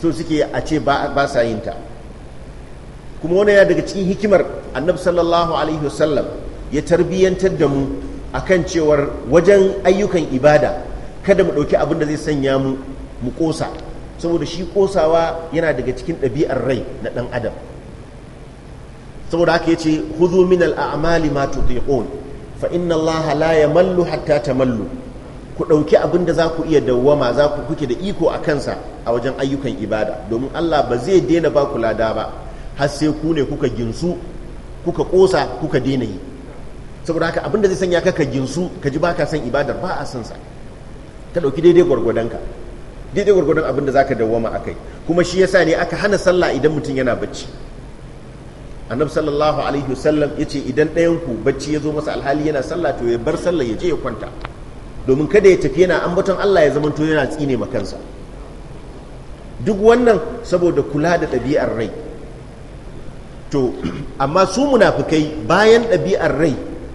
Speaker 1: so suke a ce ba sa yin ta kuma wani ya daga cikin hikimar annab sallallahu alaihi wasallam ya tarbiyyantar da mu a kan cewar wajen ayyukan ibada kada mu ɗauki abin da zai sanya mu mu ƙosa saboda shi ƙosawa yana daga cikin ɗabi'ar rai na ɗan adam saboda haka ya ce huzu min al'amali ma tutiqun fa inna Allah la yamallu hatta tamallu ku ɗauki abin da za ku iya dawwama za ku kuke da iko a kansa a wajen ayyukan ibada domin Allah ba zai daina ba ku lada ba har sai ku ne kuka ginsu kuka kosa kuka daina yi saboda haka abinda zai sanya ka ginsu ka ji baka san ibadar ba a sansa sa ka dauki daidai ka daidai gwargwadon abinda zaka dawwama akai kuma shi yasa ne aka hana sallah idan mutum yana bacci annabi sallallahu alaihi wasallam yace idan ɗayan ku bacci ya zo masa alhali yana sallah to ya bar sallah ya je ya kwanta domin kada ya tafi yana ambaton Allah ya zamanto yana tsine ma kansa duk wannan saboda kula da ɗabi'ar rai to amma su munafukai bayan ɗabi'ar rai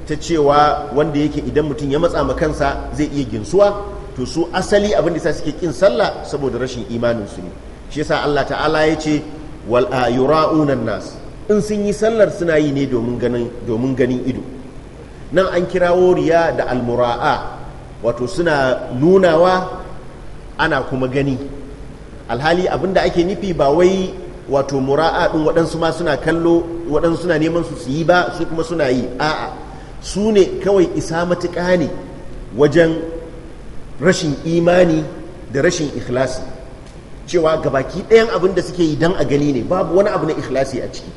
Speaker 1: ta cewa wanda yake idan mutum ya matsa kansa zai iya ginsuwa to su asali abin da suke kin sallah saboda rashin imanin su ne shi yasa Allah ta'ala ya ce wal yura'una nas in sun yi sallar suna yi ne domin ganin domin ganin ido nan an kirawo riya da almura'a wato suna nunawa ana kuma gani alhali abin da ake nufi ba wai wato mura'a ɗin waɗansu ma suna kallo waɗansu suna neman su su yi ba su kuma suna yi a'a su ne kawai isa matuƙa ne wajen rashin imani da rashin ikhlasi cewa gabaki ɗayan abin da suke yi don a gani ne babu wani abu na ikhlasi a ciki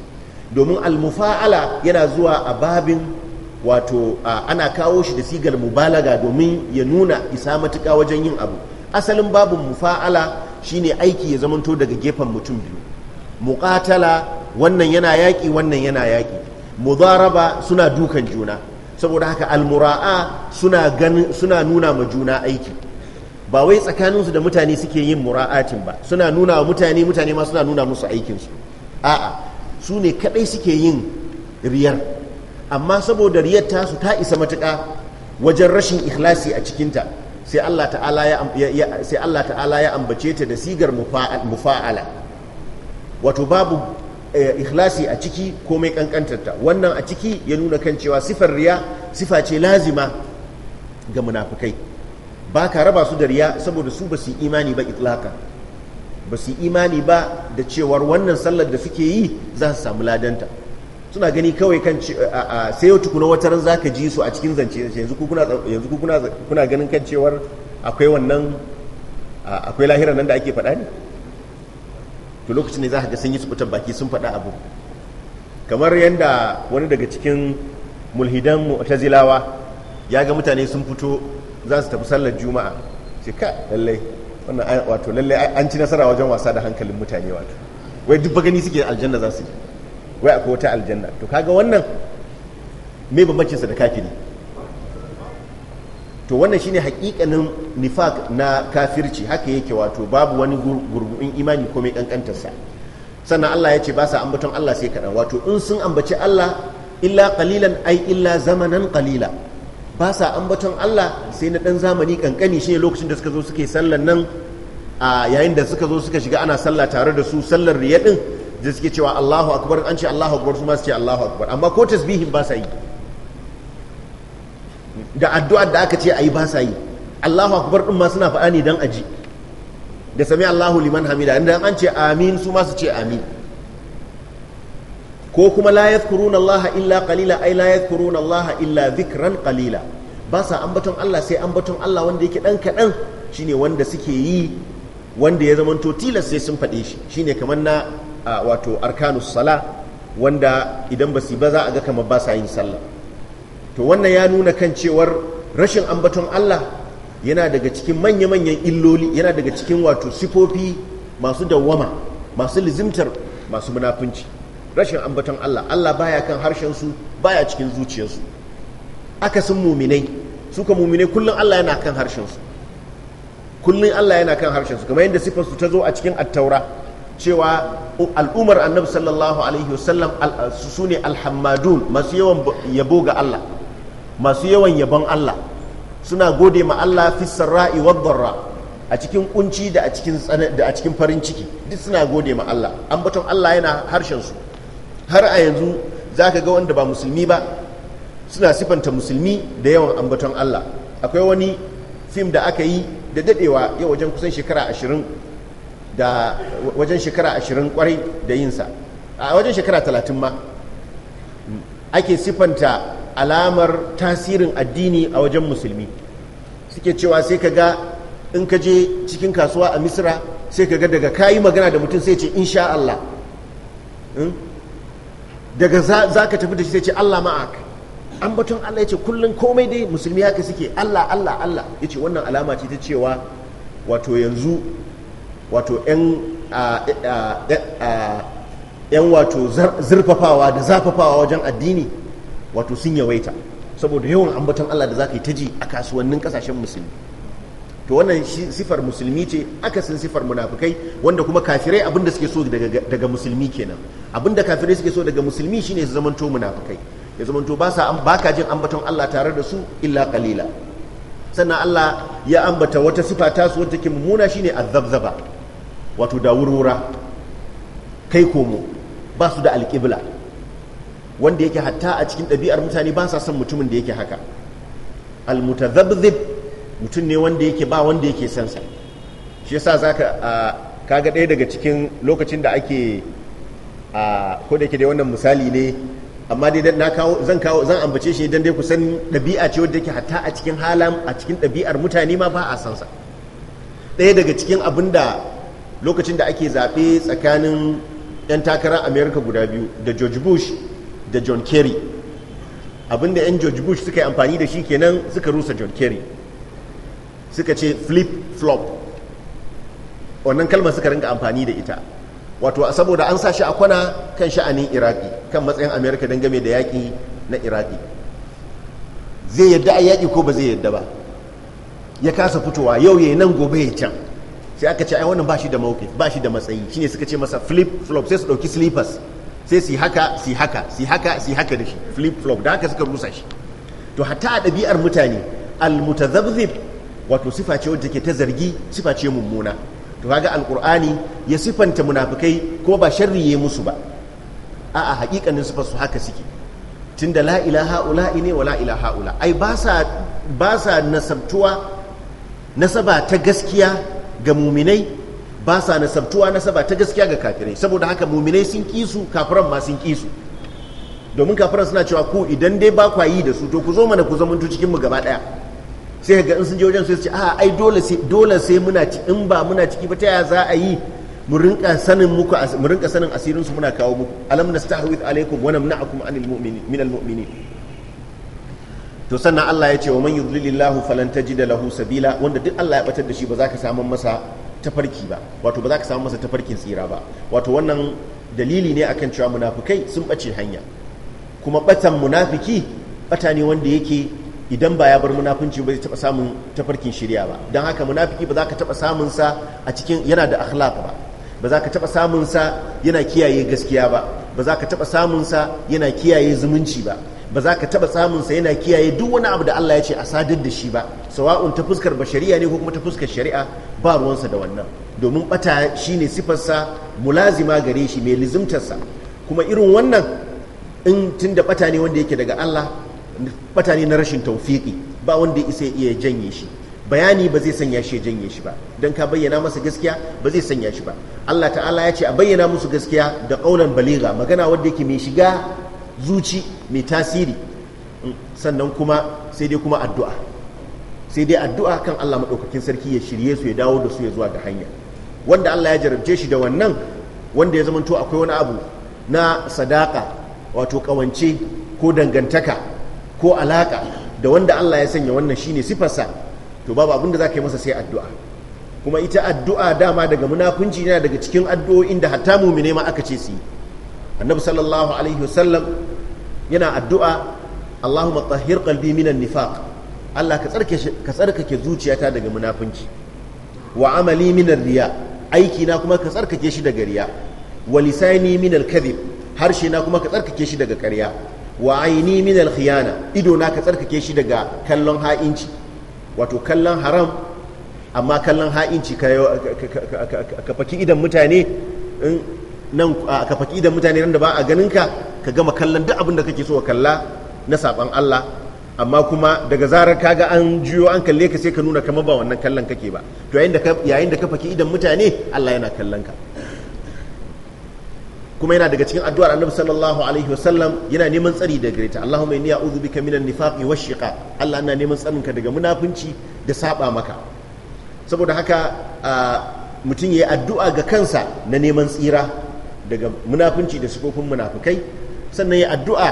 Speaker 1: domin almufa'ala yana zuwa a babin wato ana kawo shi da sigar mubalaga domin ya nuna isa matuƙa wajen yin abu asalin babin mufa'ala shine aiki ya zamanto daga gefen mutum biyu muqatala wannan yana yaƙi wannan yana yaƙi mudaraba suna dukan juna saboda haka almura'a suna nuna ma juna aiki ba wai tsakaninsu da mutane suke yin mura'atin ba suna nuna wa mutane mutane ma suna nuna musu aikinsu a'a su ne kaɗai suke yin riyar amma saboda riyar tasu ta isa matuƙa wajen rashin ikhlasi a cikinta sai Allah ta'ala ya ambace ta da sigar mufa'ala wato babu eh, ikhlasi a ciki komai kankantarta wannan a ciki ya nuna kan cewa sifar riya sifa ce lazima ga munafukai ba ka raba su da riya saboda su ba su imani ba itlaka ba su imani ba da cewar wannan sallar da suke yi za su samu ladanta suna gani kawai kan sai yau tukuna wata ran zaka ji su a cikin zance yanzu ku kuna yanzu ku kuna kuna ganin kan cewar akwai wannan akwai lahirar nan da ake faɗa ne to lokacin ne za ka ga sun yi tsubutan baki sun faɗa abu kamar yadda wani daga cikin mulhidan mu'tazilawa ya ga mutane sun fito za su tafi sallar juma'a sai ka lallai wannan wato lallai an ci nasara wajen wasa da hankalin mutane wato wai duk bagani suke aljanna za su yi. wai akwai wata aljanna to kaga wannan me bambancinsa da kafiri to wannan shine hakikanin nifak na kafirci haka yake wato babu wani gurgurin imani ko mai kankantarsa sannan Allah ya ce ba sa ambaton Allah sai kaɗan wato in sun ambaci Allah illa qalilan ai illa zamanan qalila ba sa ambaton Allah sai na ɗan zamani kankani shine lokacin da suka zo suke sallar nan a yayin da suka zo suka shiga ana sallah tare da su sallar riya din da suke cewa Allahu akbar an ce Allahu akbar su ma su ce Allahu akbar amma ko tasbihin ba sa yi da addu'a da aka ce ayi ba sa yi Allahu akbar din ma suna faɗa ne dan aji da sami Allahu liman hamida inda an ce amin su ma su ce amin ko kuma la yadhkuruna Allah illa qalila ai la yadhkuruna Allah illa dhikran qalila ba sa ambaton Allah sai ambaton Allah wanda yake dan kadan shine wanda suke yi wanda ya zamanto tilas sai sun faɗe shi shine kamar na wato arkanus sala wanda idan ba su ba za a ga kamar ba sa yin sallah to wannan ya nuna kan cewar rashin ambaton Allah yana daga cikin manya-manyan illoli yana daga cikin wato sifofi masu dawwama masu lizimtar masu munafunci rashin ambaton Allah Allah baya kan harshen su baya cikin zuciyarsu akasin muminai suka muminai kullum Allah yana kan harshen su kullum Allah yana kan harshen su kamar yadda sifar su ta zo a cikin attaura cewa al'umar annabi sallallahu alaihi wasallam su ne alhammadun masu yawan yabo ga Allah masu yawan yabon Allah suna gode ma Allah fi sarra'i wa dharra a cikin kunci da a cikin da a cikin farin ciki duk suna gode ma Allah ambaton Allah yana harshen su har a yanzu zaka ga wanda ba musulmi ba suna sifanta musulmi da yawan ambaton Allah akwai wani fim da aka yi da dadewa yau wajen kusan shekara ashirin da wajen shekara ashirin kwarai da yinsa a wajen shekara talatin ma ake siffanta alamar tasirin addini a wajen musulmi suke cewa sai ka ga in ka je cikin kasuwa a misira sai ka ga daga kayi magana da mutum sai ce insha Allah hmm? daga za ka tafi da shi sai ce Allah ma'ak an batun Allah ya ce kullum komai dai musulmi haka suke Allah Allah Allah ya ce wannan alama ce ta cewa wato yanzu wato 'yan wato zirfafawa da zafafawa wajen addini wato sun yawaita saboda yawan ambaton Allah da za ka yi ta a kasuwannin kasashen musulmi to wannan sifar musulmi ce akasin sifar munafukai wanda kuma kafirai abinda suke so daga musulmi kenan abinda kafirai suke so daga musulmi shine su zamanto munafukai ya zamanto ba sa ba ka jin ambaton Allah tare da su illa qalila sannan Allah ya ambata wata sifa ta su wacce ke mummuna shine azzabzaba wato da wurwura kai komo ba su da alƙibla wanda yake hatta a cikin ɗabi'ar mutane ba sa son mutumin da yake haka almutazabzib mutum ne wanda yake ba wanda yake son sa shi yasa ka kaga ɗaya daga cikin lokacin da ake a ko da yake dai wannan misali ne amma dai na kawo zan kawo zan ambace shi dan dai ku san ɗabi'a ce wadda yake hatta a cikin halam a cikin ɗabi'ar mutane ma ba a san sa ɗaya daga cikin abin da lokacin da ake zaɓe tsakanin 'yan takarar Amerika guda biyu da george bush da john kerry abinda 'yan george bush suka yi amfani da shi kenan suka rusa john kerry suka ce flip flop wannan kalmar suka ringa amfani da ita wato saboda an sa shi a kwana kan sha'anin iraki kan matsayin don game da yaƙi na iraki zai yadda a yaƙi ko ba zai yadda ba ya kasa fitowa yau ya yi nan gobe ya can sai aka ce ai wannan ba shi da mauke ba shi da matsayi shine suka ce masa flip flop sai su dauki slippers sai su haka su haka su haka su haka da shi flip flop da haka suka rusa shi to hatta a ɗabi'ar mutane al mutazabzib wato sifa ce wadda ke ta zargi sifa ce mummuna to kaga alqur'ani ya sifanta munafikai ko ba sharri ya musu ba a hakikanin sifar su haka suke tunda la ilaha ula ne wa la ilaha ai ba sa nasabtuwa nasaba ta gaskiya ga muminai ba sa nasabtuwa nasaba ta gaskiya ga kafirai saboda haka muminai sun kisu kafiran ma sun kisu domin kafiran suna cewa ku idan dai ba kwa yi da su to ku zo mana ku zamanto cikin mu gaba daya sai ga in sun je wajen su ce a ai dole sai dole sai muna ci in ba muna ciki ba ta yaya za a yi mu rinka sanin muku mu rinka sanin asirin su muna kawo muku alam nastahwith alaikum wa namna'akum anil mu'minin minal mu'minin to sannan Allah ya ce wa man yudlilillahu falan tajida lahu sabila wanda duk Allah ya batar da shi ba za ka samu masa tafarki ba wato ba za ka samu masa tafarkin tsira ba wato wannan dalili ne akan cewa munafukai sun bace hanya kuma batan munafiki bata ne wanda yake idan ba ya bar munafunci ba zai taba samun tafarkin shirya ba don haka munafiki ba za ka taba samun sa a cikin yana da akhlaq ba ba za ka taba samun sa yana kiyaye gaskiya ba ba za ka taba samun sa yana kiyaye zumunci ba ba za ka taɓa samunsa yana kiyaye duk wani abu da Allah ya ce a sadar da shi ba sawa'un ta fuskar shari'a ne ko kuma ta fuskar shari'a ba ruwansa da wannan domin bata shi ne sifarsa mulazima gare shi mai lizimtarsa kuma irin wannan in tun da bata ne wanda yake daga Allah bata ne na rashin taufiki ba wanda isa iya janye shi bayani ba zai sanya shi janye shi ba don ka bayyana masa gaskiya ba zai sanya shi ba Allah ta'ala ya ce a bayyana musu gaskiya da ƙaunar baliga magana wanda yake mai shiga zuci mai tasiri mm, sannan kuma sai dai kuma addu'a sai dai addu'a kan Allah maɗaukakin sarki ya shirye su ya dawo da su ya zuwa ga hanya wanda Allah ya jarabce shi da wannan wanda ya zamanto akwai wani abu na sadaka wato kawance ko dangantaka ko alaka da wanda Allah ya sanya wannan shine sifarsa to babu abin da za ka yi masa sai addu'a kuma ita addu'a dama daga munafunci yana daga cikin addu'o'in da hatta mumine ma aka ce su yi annabi sallallahu alaihi wasallam yana addu'a Allahumma tahhir qalbi minan nifaq Allah ka tsarkake ka tsarkake zuciyata daga munafunci wa amali minar riya aiki na kuma ka tsarkake shi daga riya wa lisani minal kadhib harshe na kuma ka tsarkake shi daga ƙarya wa aini minal khiyana ido na ka tsarkake shi daga kallon ha'inci wato kallon haram amma kallon ha'inci ka faki idan mutane nan ka faki idan mutane nan da ba a ganin ka ka gama kallon duk abin da kake so a kalla na saban Allah amma kuma daga zarar kaga an juyo an kalle ka sai ka nuna kamar ba wannan kallon kake ba to yayin da yayin da ka faki idan mutane Allah yana kallon ka kuma yana daga cikin addu'ar annabi sallallahu alaihi wasallam yana neman tsari da gare ta Allahumma inni a'udhu bika minan nifaqi wash Allah ina neman tsarin ka daga munafunci da saba maka saboda haka mutum yayi addu'a ga kansa na neman tsira daga munafunci da sifofin munafukai sannan ya addu'a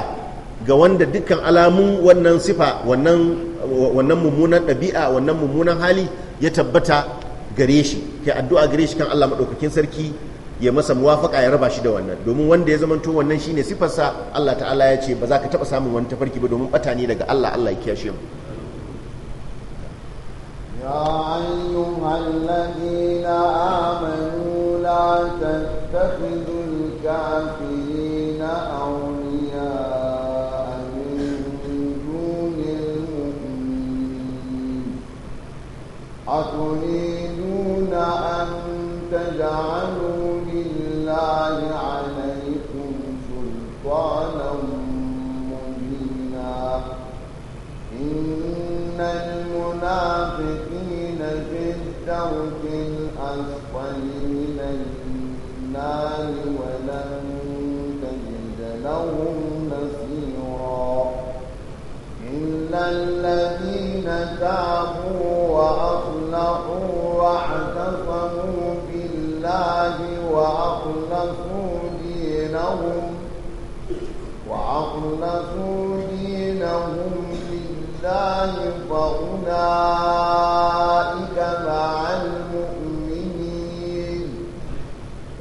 Speaker 1: ga wanda dukkan alamun wannan sifa wannan mummunan ɗabi'a wannan mummunan hali ya tabbata gare shi kai addu'a gare shi kan Allah maɗaukakin sarki ya masa muwafaka ya raba shi da wannan domin wanda ya zamanto wannan shine sifarsa Allah ta'ala ya ce ba za ka taba samun wani tafarki ba domin ɓata ne daga Allah Allah ya kiyashe mu
Speaker 2: يا سلطانا مبينا إن المنافقين في الدرك الأسفل من النار ولن تجد لهم نصيرا إلا الذين تابوا وأخلقوا واعتصموا بالله وأخلقوا أخلصوا دينهم لله فأولئك مع المؤمنين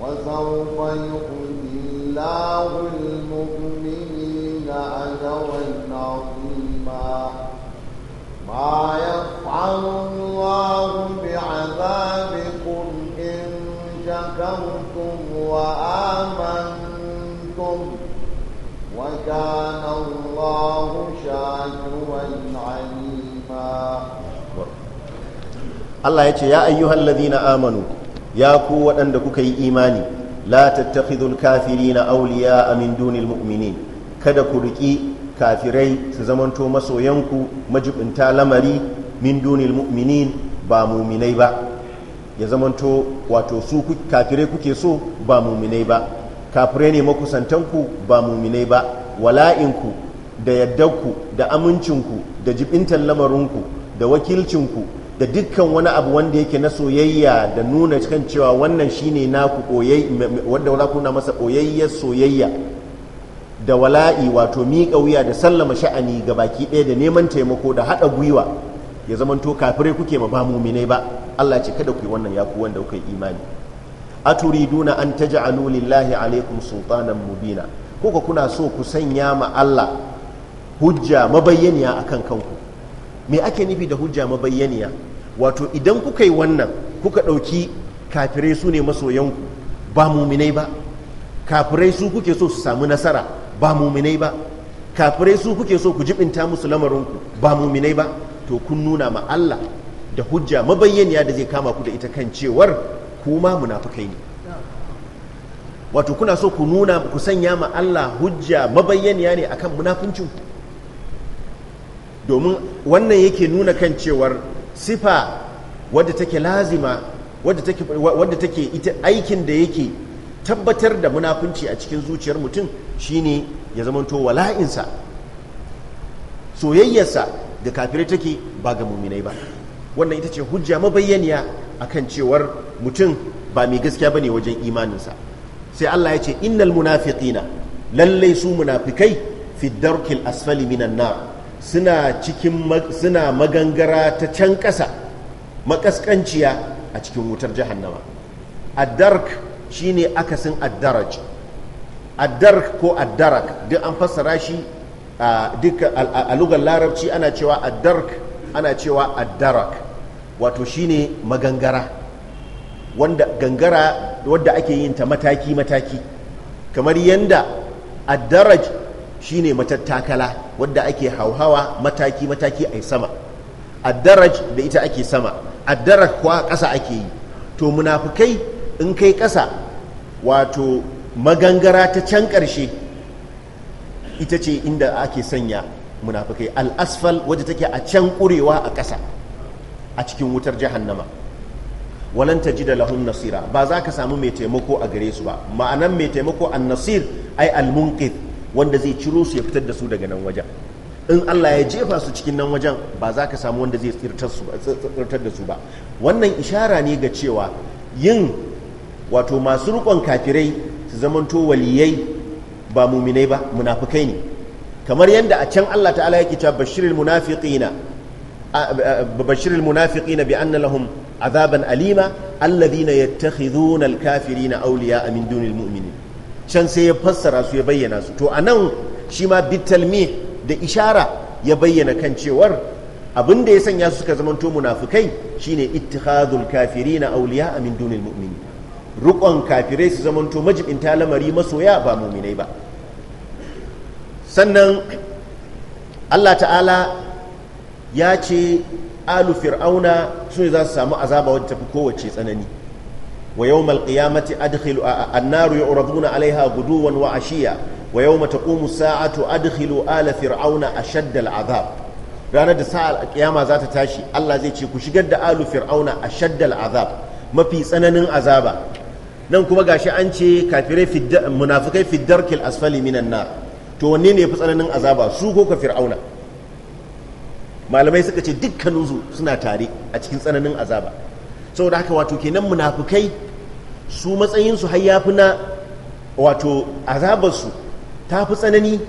Speaker 2: وسوف يؤذي الله المؤمنين أجرا عظيما ما يفعل الله بعذابكم إن شكرتم وآمنتم وكان الله شاكرا عليما
Speaker 1: الله يتي يا ايها الذين امنوا يا قوة أندك كي إيماني لا تتخذوا الكافرين اولياء من دون المؤمنين kada ku riƙi kafirai su zamanto masoyanku majibinta lamari min dunil mu'minin ba muminai ba ya zamanto wato su kafirai kuke so ba muminai ba kafure ne makusantanku ba muminai ba wala'inku da yaddanku da amincinku da jibintan lamarinku da wakilcinku da dukkan wani abu wanda yake na soyayya da nuna kan cewa wannan shine naku koyayya wanda wala kuna masa koyayyar soyayya da wala'i wato miƙa wuya da sallama sha'ani ga baki ɗaya da neman taimako da haɗa gwiwa ya zamanto kafirai kuke ma ba muminai ba Allah ce kada ku yi wannan ya ku wanda kuka yi imani aturiduna an taj'alu lillahi alaikum sultanan mubina kuka kuna so ku sanya ma Allah hujja mabayyaniya akan kanku me ake nufi da hujja mabayyaniya wato idan kuka yi wannan kuka ɗauki kafirai su ne masoyanku ba muminai ba kafirai su kuke so su samu nasara ba muminai ba kafirai su kuke so ku jibinta musu lamarinku ba muminai ba to kun nuna ma Allah da hujja mabayyaniya da zai kama ku da ita kan cewar kuma munafukai ne wato kuna so ku nuna ku sanya ma Allah hujja mabayyaniya ne akan munafuncin ku domin wannan yake nuna kan cewar sifa wadda take lazima wadda take ita aikin da yake tabbatar da munafunci a cikin zuciyar mutum shine ya zamanto wala'insa soyayyarsa da kafirai take ba ga muminai ba wannan ita ce hujja mabayyaniya akan cewar mutum ba mai gaskiya bane wajen imaninsa sai Allah ya ce innal munafiqina lallai su munafikai fi darkil asfali minan nar suna cikin suna magangara ta can ƙasa makaskanciya a cikin wutar jahannama ad-dark shine akasin ad-daraj ad-dark ko ad-darak duk an fassara shi a alugar larabci ana cewa ad-dark ana cewa ad-darak wato shine magangara wanda gangara wadda ake yin ta mataki-mataki kamar yadda addaraj shine matattakala wadda ake hauhawa mataki-mataki a sama addaraj da ita ake sama addaraj kuwa ƙasa ake yi to munafukai in kai ƙasa wato magangara ta can ƙarshe ita ce inda ake sanya munafukai Al-asfal wadda take a can ƙurewa a ƙasa a cikin wutar jahannama. nama walan da lahun nasira ba za ka samu mai taimako a gare su ba ma'anan mai taimako an nasir ai al wanda zai ciro su ya fitar da su daga nan wajen in Allah ya jefa su cikin nan wajen ba za ka samu wanda zai tsirtar da su ba wannan ishara ne ga cewa yin wato masu rukon kafirai su zamanto waliyai ba muminai ba munafukai ne kamar yadda a can Allah ta'ala yake cewa bashiril munafiqina bashiril munafiqina bi anna lahum azaban alima alladhina yattakhidhuna alkafirina awliya min dunil mu'minin can sai ya fassara su ya bayyana su to anan shi ma bitalmi da ishara ya bayyana kan cewar abinda ya sanya su suka zamanto munafikai shine ittikhadul kafirina awliya min dunil mu'minin rukon kafirai su zamanto majibin lamari masoya ba muminai ba sannan Allah ta'ala ya ce alu fir'auna su ne za su samu azaba wadda tafi kowace tsanani wa yau malƙiyamati A annaru yu'raduna alaiha guduwan wa ashiya wa yau mataƙumu sa'atu adkhilu ala fir'auna shaddal azab. ranar da sa'a ƙiyama za ta tashi Allah zai ce ku shigar da alu fir'auna shaddal azab mafi tsananin azaba nan kuma gashi an ce kafirai munafikai fiddarkil asfali minan nar to wanne ne ya fi tsananin azaba su ko ka fir'auna malamai suka ce dukkaninsu suna tare a cikin tsananin azaba saboda haka wato kenan munafukai su matsayinsu har yafi na wato azabarsu ta fi tsanani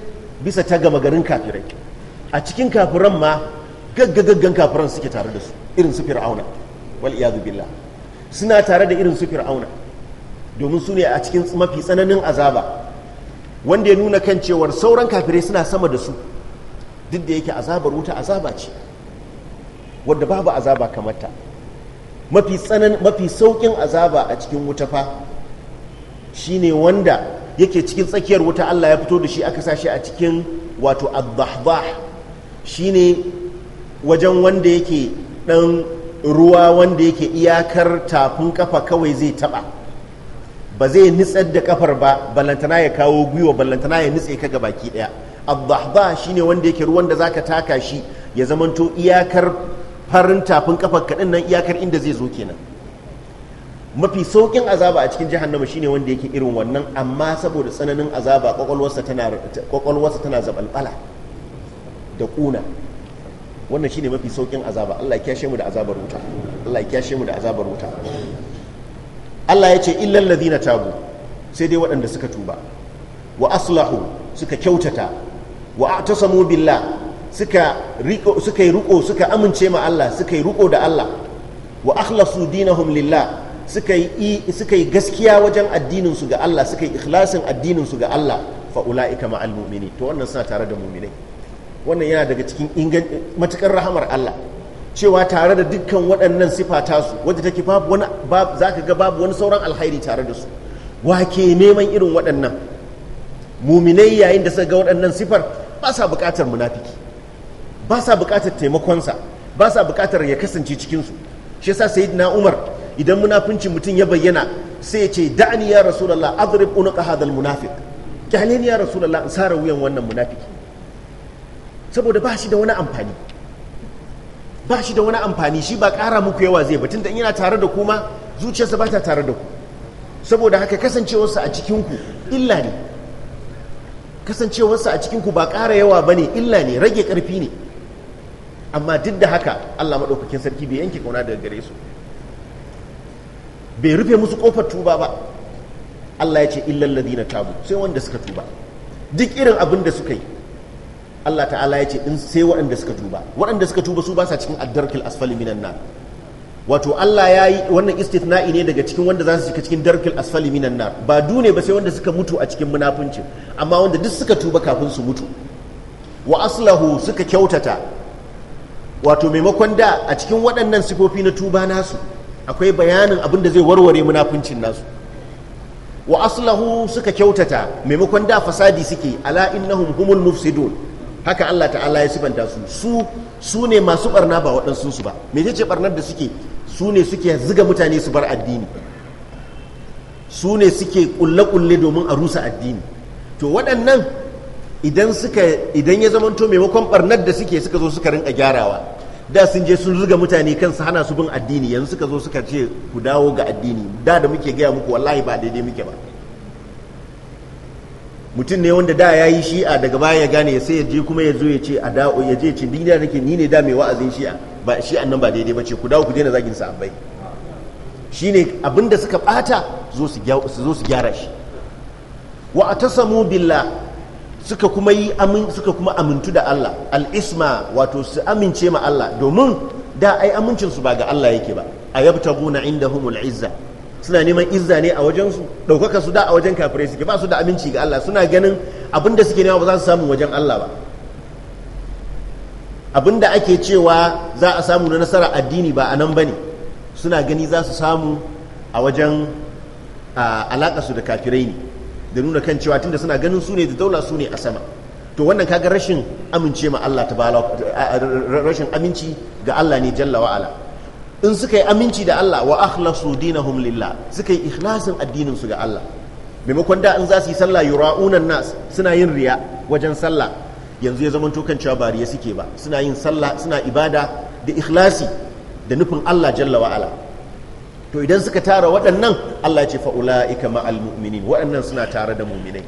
Speaker 1: bisa ta gama garin kafirai a cikin kafiran ma gaggagaggan kafiran suke tare da su irin su fir'auna wal iyadu billah suna tare da irin su fir'auna domin su ne a cikin mafi tsananin azaba wanda ya nuna kan cewar sauran kafirai suna sama da su duk da yake azabar wuta azaba ce wadda babu azaba kamar mafi tsanan mafi saukin azaba a cikin wuta fa shine wanda yake cikin tsakiyar wuta Allah ya fito da shi aka sashi a cikin wato ad Shi shine wajen wanda yake dan ruwa wanda yake iyakar tafin kafa kawai zai taba ba zai nitsar da kafar ba ballantana ya kawo gwiwa ballantana ya nitse ka ga baki daya abdahba shine wanda yake ruwan da zaka taka shi ya zamanto iyakar farin tafin kafar kaɗin nan iyakar inda zai zo kenan mafi saukin azaba a cikin jahannama shine wanda yake irin wannan amma saboda tsananin azaba kwakwalwarsa tana kwakwalwarsa tana zabalbala da kuna wannan shine mafi saukin azaba Allah ya kyashe mu da azabar wuta Allah ya kyashe mu da azabar wuta Allah ya ce illal ladina tabu sai dai waɗanda suka tuba wa aslahu suka kyautata wa atasamu billah suka riko suka yi riko suka amince ma Allah suka yi riko da Allah wa akhlasu dinahum lillah suka yi suka yi gaskiya wajen addinin su ga Allah suka yi ikhlasin addinin su ga Allah fa ulaika ma'al mu'minin to wannan suna tare da mu'minai wannan yana daga cikin matukar rahamar Allah cewa tare da dukkan waɗannan sifa tasu wadda take babu wani za ka ga babu wani sauran alhairi tare da su wa ke neman irin waɗannan muminai yayin da suka ga waɗannan sifar ba sa bukatar munafiki ba sa bukatar taimakonsa ba sa bukatar ya kasance cikinsu shi yasa na umar idan munafincin mutum ya bayyana sai ya ce da'ani ya rasulullah adrib unuqa hadal munafik kyale ni ya rasulullah in sara wuyan wannan munafiki saboda ba shi da wani amfani ba shi da wani amfani shi ba kara muku yawa zai ba tunda yana tare da ku ma zuciyarsa ba ta tare da ku saboda haka kasancewarsa a cikin ku illa ne kasancewarsa a cikinku ba ƙara yawa ba ne illa ne rage ƙarfi ne amma duk da haka allah maɗaukakin sarki bai yanke kauna daga gare su bai rufe musu ƙofar tuba ba allah ya ce illan ladina tabu sai wanda suka tuba duk irin abin da suka yi allah ta'ala ya ce in sai waɗanda suka tuba waɗanda suka tuba su ba sa cikin addarkil asfali minan nan wato Allah ya yi wannan istithna'i ne daga cikin wanda za su shiga cikin darkil asfali minan nar ba dune ba sai wanda suka mutu a cikin munafunci amma wanda duk suka tuba kafin su mutu wa aslahu suka kyautata wato maimakon da a cikin waɗannan sifofi na tuba nasu akwai bayanin abin da zai warware munafuncin nasu wa aslahu suka kyautata maimakon da fasadi suke ala innahum humul mufsidun haka Allah ta'ala ya sibanta su su su ne masu barna ba waɗansu su ba me ce barnar da suke su ne suke ziga mutane su bar addini su ne suke kulle-kulle domin a rusa addini to waɗannan idan suka idan ya zamanto maimakon ɓarnar da suke suka zo suka rinka gyarawa da sun je sun ruga mutane kansu hana su bin addini yanzu suka zo suka ce ku dawo ga addini da da muke gaya muku wallahi ba daidai muke ba mutum ne wanda da ya yi shi'a daga baya ya gane sai ya je kuma ya zo ya ce a da'o ya je ce duniya nake ni ne da mai wa'azin shi'a ba shi annan ba daidai ba ce ku dawo ku daina zagin sahabbai shine abinda suka bata zo su zo su gyara shi wa atasamu billah suka kuma yi amin suka kuma amintu da Allah al-isma wato su amince ma Allah domin da ai amincin su ba ga Allah yake ba ayabtaguna indahumul izza suna neman izza ne a wajen su daukaka su da a wajen kafirai suke ba su da aminci ga Allah suna ganin abinda suke nema ba za su samu wajen Allah ba abinda ake cewa za a samu na nasara addini ba a nan ba ne suna gani za su samu a wajen alaƙarsu da kafirai ne da nuna kan cewa tunda suna ganin su ne da daula su ne a sama to wannan kaga rashin amince ma Allah rashin aminci ga Allah ne jalla wa'ala in suka yi aminci da Allah wa akhlasu dinahum lillah suka yi ikhlasin addinin su ga Allah maimakon da in za su yi sallah yura'unan nas suna yin riya wajen sallah yanzu ya zama tokan cewa bariya suke ba suna yin sallah suna ibada da ikhlasi da nufin Allah jalla wa'ala to idan suka tara waɗannan Allah ce fa'ula'ika ma'al mu'minin waɗannan suna tare da muminai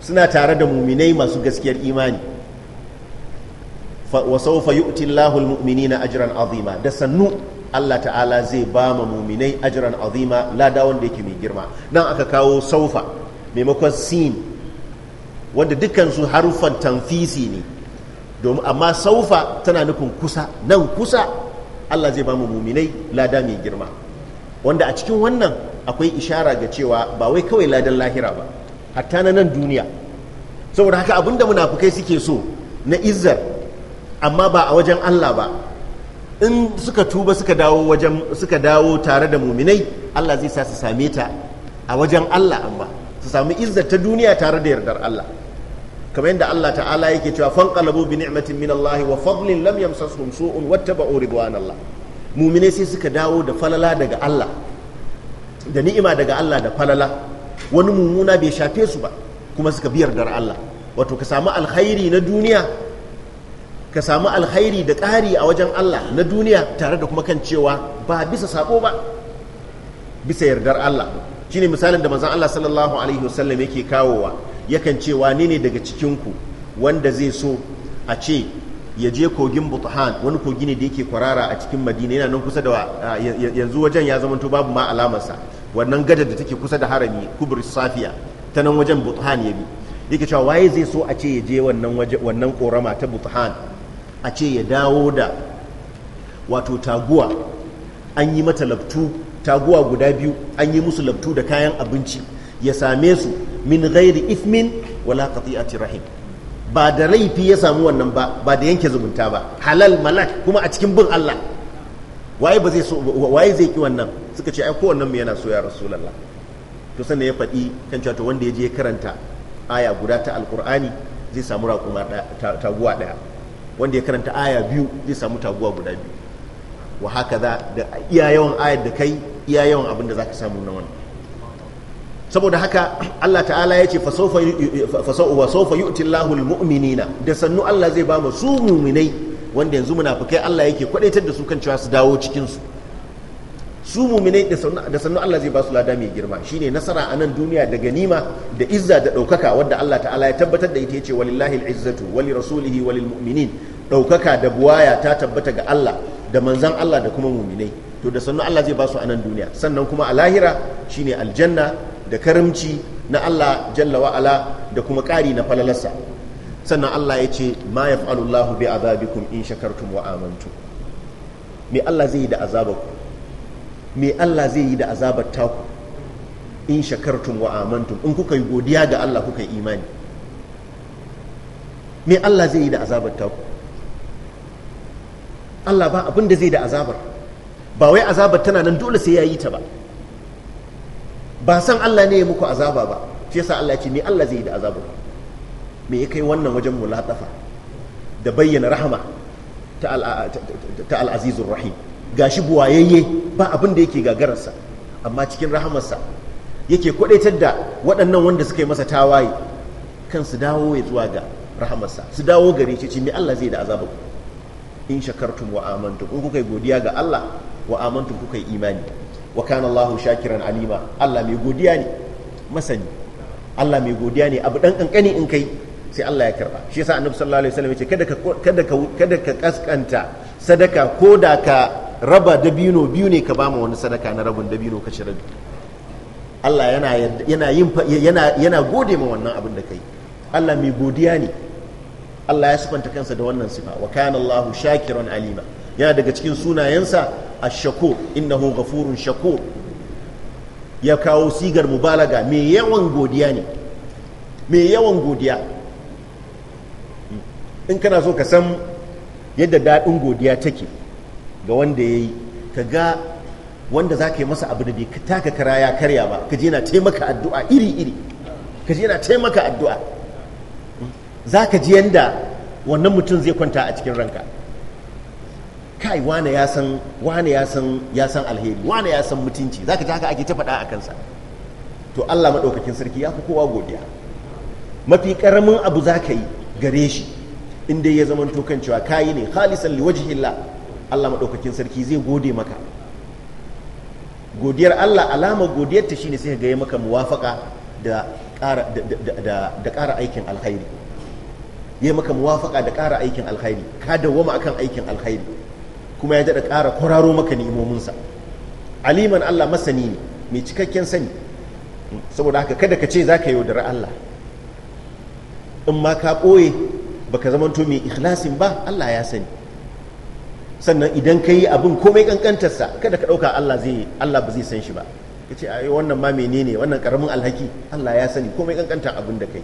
Speaker 1: suna tare da muminai masu gaskiyar imani wa sawfa yu'ti Allahu al-mu'minina ajran azima da sannu Allah ta'ala zai ba ma muminai ajran azima lada wanda yake mai girma nan aka kawo saufa maimakon sin wanda dukansu harufan tanfisi ne domin amma saufa tana nufin kusa nan kusa Allah zai bamu muminai lada mai girma wanda a cikin wannan akwai ishara ga cewa ba wai kawai ladan lahira ba hatta na nan duniya saboda haka abinda munafukai suke so na izzar amma ba a wajen Allah ba in suka tuba suka dawo wajen suka dawo tare da muminai Allah zai sa su same ta a wajen Allah amma su sami izzar ta duniya tare da yardar Allah kamar yadda Allah ta'ala yake cewa fanqalabu bi ni'matin min Allah wa fadlin sai suka dawo da falala daga Allah da ni'ima daga Allah da falala wani mummuna bai shafe su ba kuma suka bi yardar Allah wato ka samu alkhairi na duniya da ƙari a wajen Allah na duniya tare da kuma kan cewa ba bisa sako ba bisa yardar Allah shine misalin da yake kawowa yakan ce wane ne daga cikinku wanda zai so a ce ya je kogin buthan wani kogi ne da yake kwarara a cikin madina yana nan kusa da yanzu wajen ya zamanto babu ma alamarsa wannan gadar da take kusa da harami kubur safiya ta nan wajen buthan ya bi yake cewa waye zai so a ce ya je wannan waje wannan korama ta buthan a ce ya dawo da wato taguwa an yi mata labtu taguwa guda biyu an yi musu labtu da kayan abinci ya same su min ghairi ifmin wala qati'ati rahim ba da laifi ya samu wannan ba ba da yanke zumunta ba halal malak kuma a cikin bin Allah waye ba zai so waye zai ki wannan suka ce ai kowannan mu yana so ya rasulullah to sannan ya faɗi kan cewa to wanda ya je karanta aya guda ta alqur'ani zai samu raƙuma taguwa ɗaya wanda ya karanta aya biyu zai samu taguwa guda biyu wa haka za da iya yawan ayar da kai iya yawan abin da zaka samu na wannan saboda haka Allah ta'ala ya ce wa sofa yu'ti Allahul mu'minina da sannu Allah zai ba mu su muminai wanda yanzu muna munafikai Allah yake kwadaitar da su kan cewa su dawo cikinsu. su su muminai da sannu Allah zai ba su lada mai girma shine nasara a nan duniya da ganima da izza da ɗaukaka wadda Allah ta'ala ya tabbatar da ita yace walillahi al'izzatu wali rasulihi walil mu'minin ɗaukaka da buwaya ta tabbata ga Allah da manzan Allah da kuma muminai to da sannu Allah zai ba su a nan duniya sannan kuma a lahira shine aljanna da karamci na Allah jalla wa'ala da kuma ƙari na falalarsa sannan Allah ya ce ma ya fa'alullahu bi azabikum in shakartum wa amantu me Allah zai yi da azabarku me Allah zai yi da azabar taku in shakartum wa amantum in kuka yi godiya ga Allah kuka yi imani me Allah zai yi da azabar taku Allah ba abin da zai da azabar ba wai azabar tana nan dole sai ya yi ta ba ba san Allah ne ya muku azaba ba shi yasa Allah ce me Allah zai yi da azaba me ya kai wannan wajen mulatafa da bayyana rahama ta al'azizun rahim gashi buwayayye ba abin da yake gagararsa amma cikin rahamarsa yake kwadaitar da waɗannan wanda suka yi masa tawaye kan su dawo ya zuwa ga rahamarsa su dawo gare shi ni Allah zai da azabu in shakartum wa amantum in kuka yi godiya ga Allah wa amantum kuka yi imani wa kana Allahu shakiran alima Allah mai godiya ne masani Allah mai godiya ne abu dan kankani in kai sai Allah ya karba shi yasa annabi sallallahu alaihi wasallam ce kada ka kada ka kada ka kaskanta sadaka ko da ka raba dabino biyu ne ka ba mu wani sadaka na rabin dabino ka ci Allah yana yana yin yana yana gode ma wannan abin da kai Allah mai godiya ne Allah ya sifanta kansa da wannan sifa wa kana Allahu shakiran alima yana daga cikin sunayensa shako shakur innahu ghafurun shako, ya kawo sigar mubalaga mai yawan godiya ne mai yawan godiya in kana so ka san yadda daɗin godiya take ga wanda ya yi ka ga wanda za ka yi masa abu da bai taka kara ya karya ba ka je na taimaka addu'a iri-iri ka je na taimaka addu'a za ka ji yadda wannan mutum zai kwanta a cikin ranka kai wane ya san wane ya san ya san alheri wane ya san mutunci zaka ji haka ake ta faɗa a kansa to Allah madaukakin sarki ya fi kowa godiya mafi karamin abu zaka yi gare shi in inda ya zama kan cewa kayi ne khalisan liwajhillah Allah madaukakin sarki zai gode maka godiyar Allah alamar godiyar ta shine sai ga ya maka muwafaka da ƙara da ƙara aikin alkhairi yayi maka muwafaka da ƙara aikin alkhairi ka dawwama akan aikin alkhairi kuma ya daɗa ƙara kwararo maka ni'imominsa aliman Allah masani ne mai cikakken sani saboda haka kada ka ce za ka yaudari Allah in ma ka ɓoye ba baka zamanto mai ikhlasin ba Allah ya sani sannan idan ka yi abin komai ƙanƙantarsa, kada ka ɗauka Allah zai Allah ba zai san shi ba ka ce ai wannan ma menene wannan karamin alhaki Allah ya sani komai ƙanƙanta abin da kai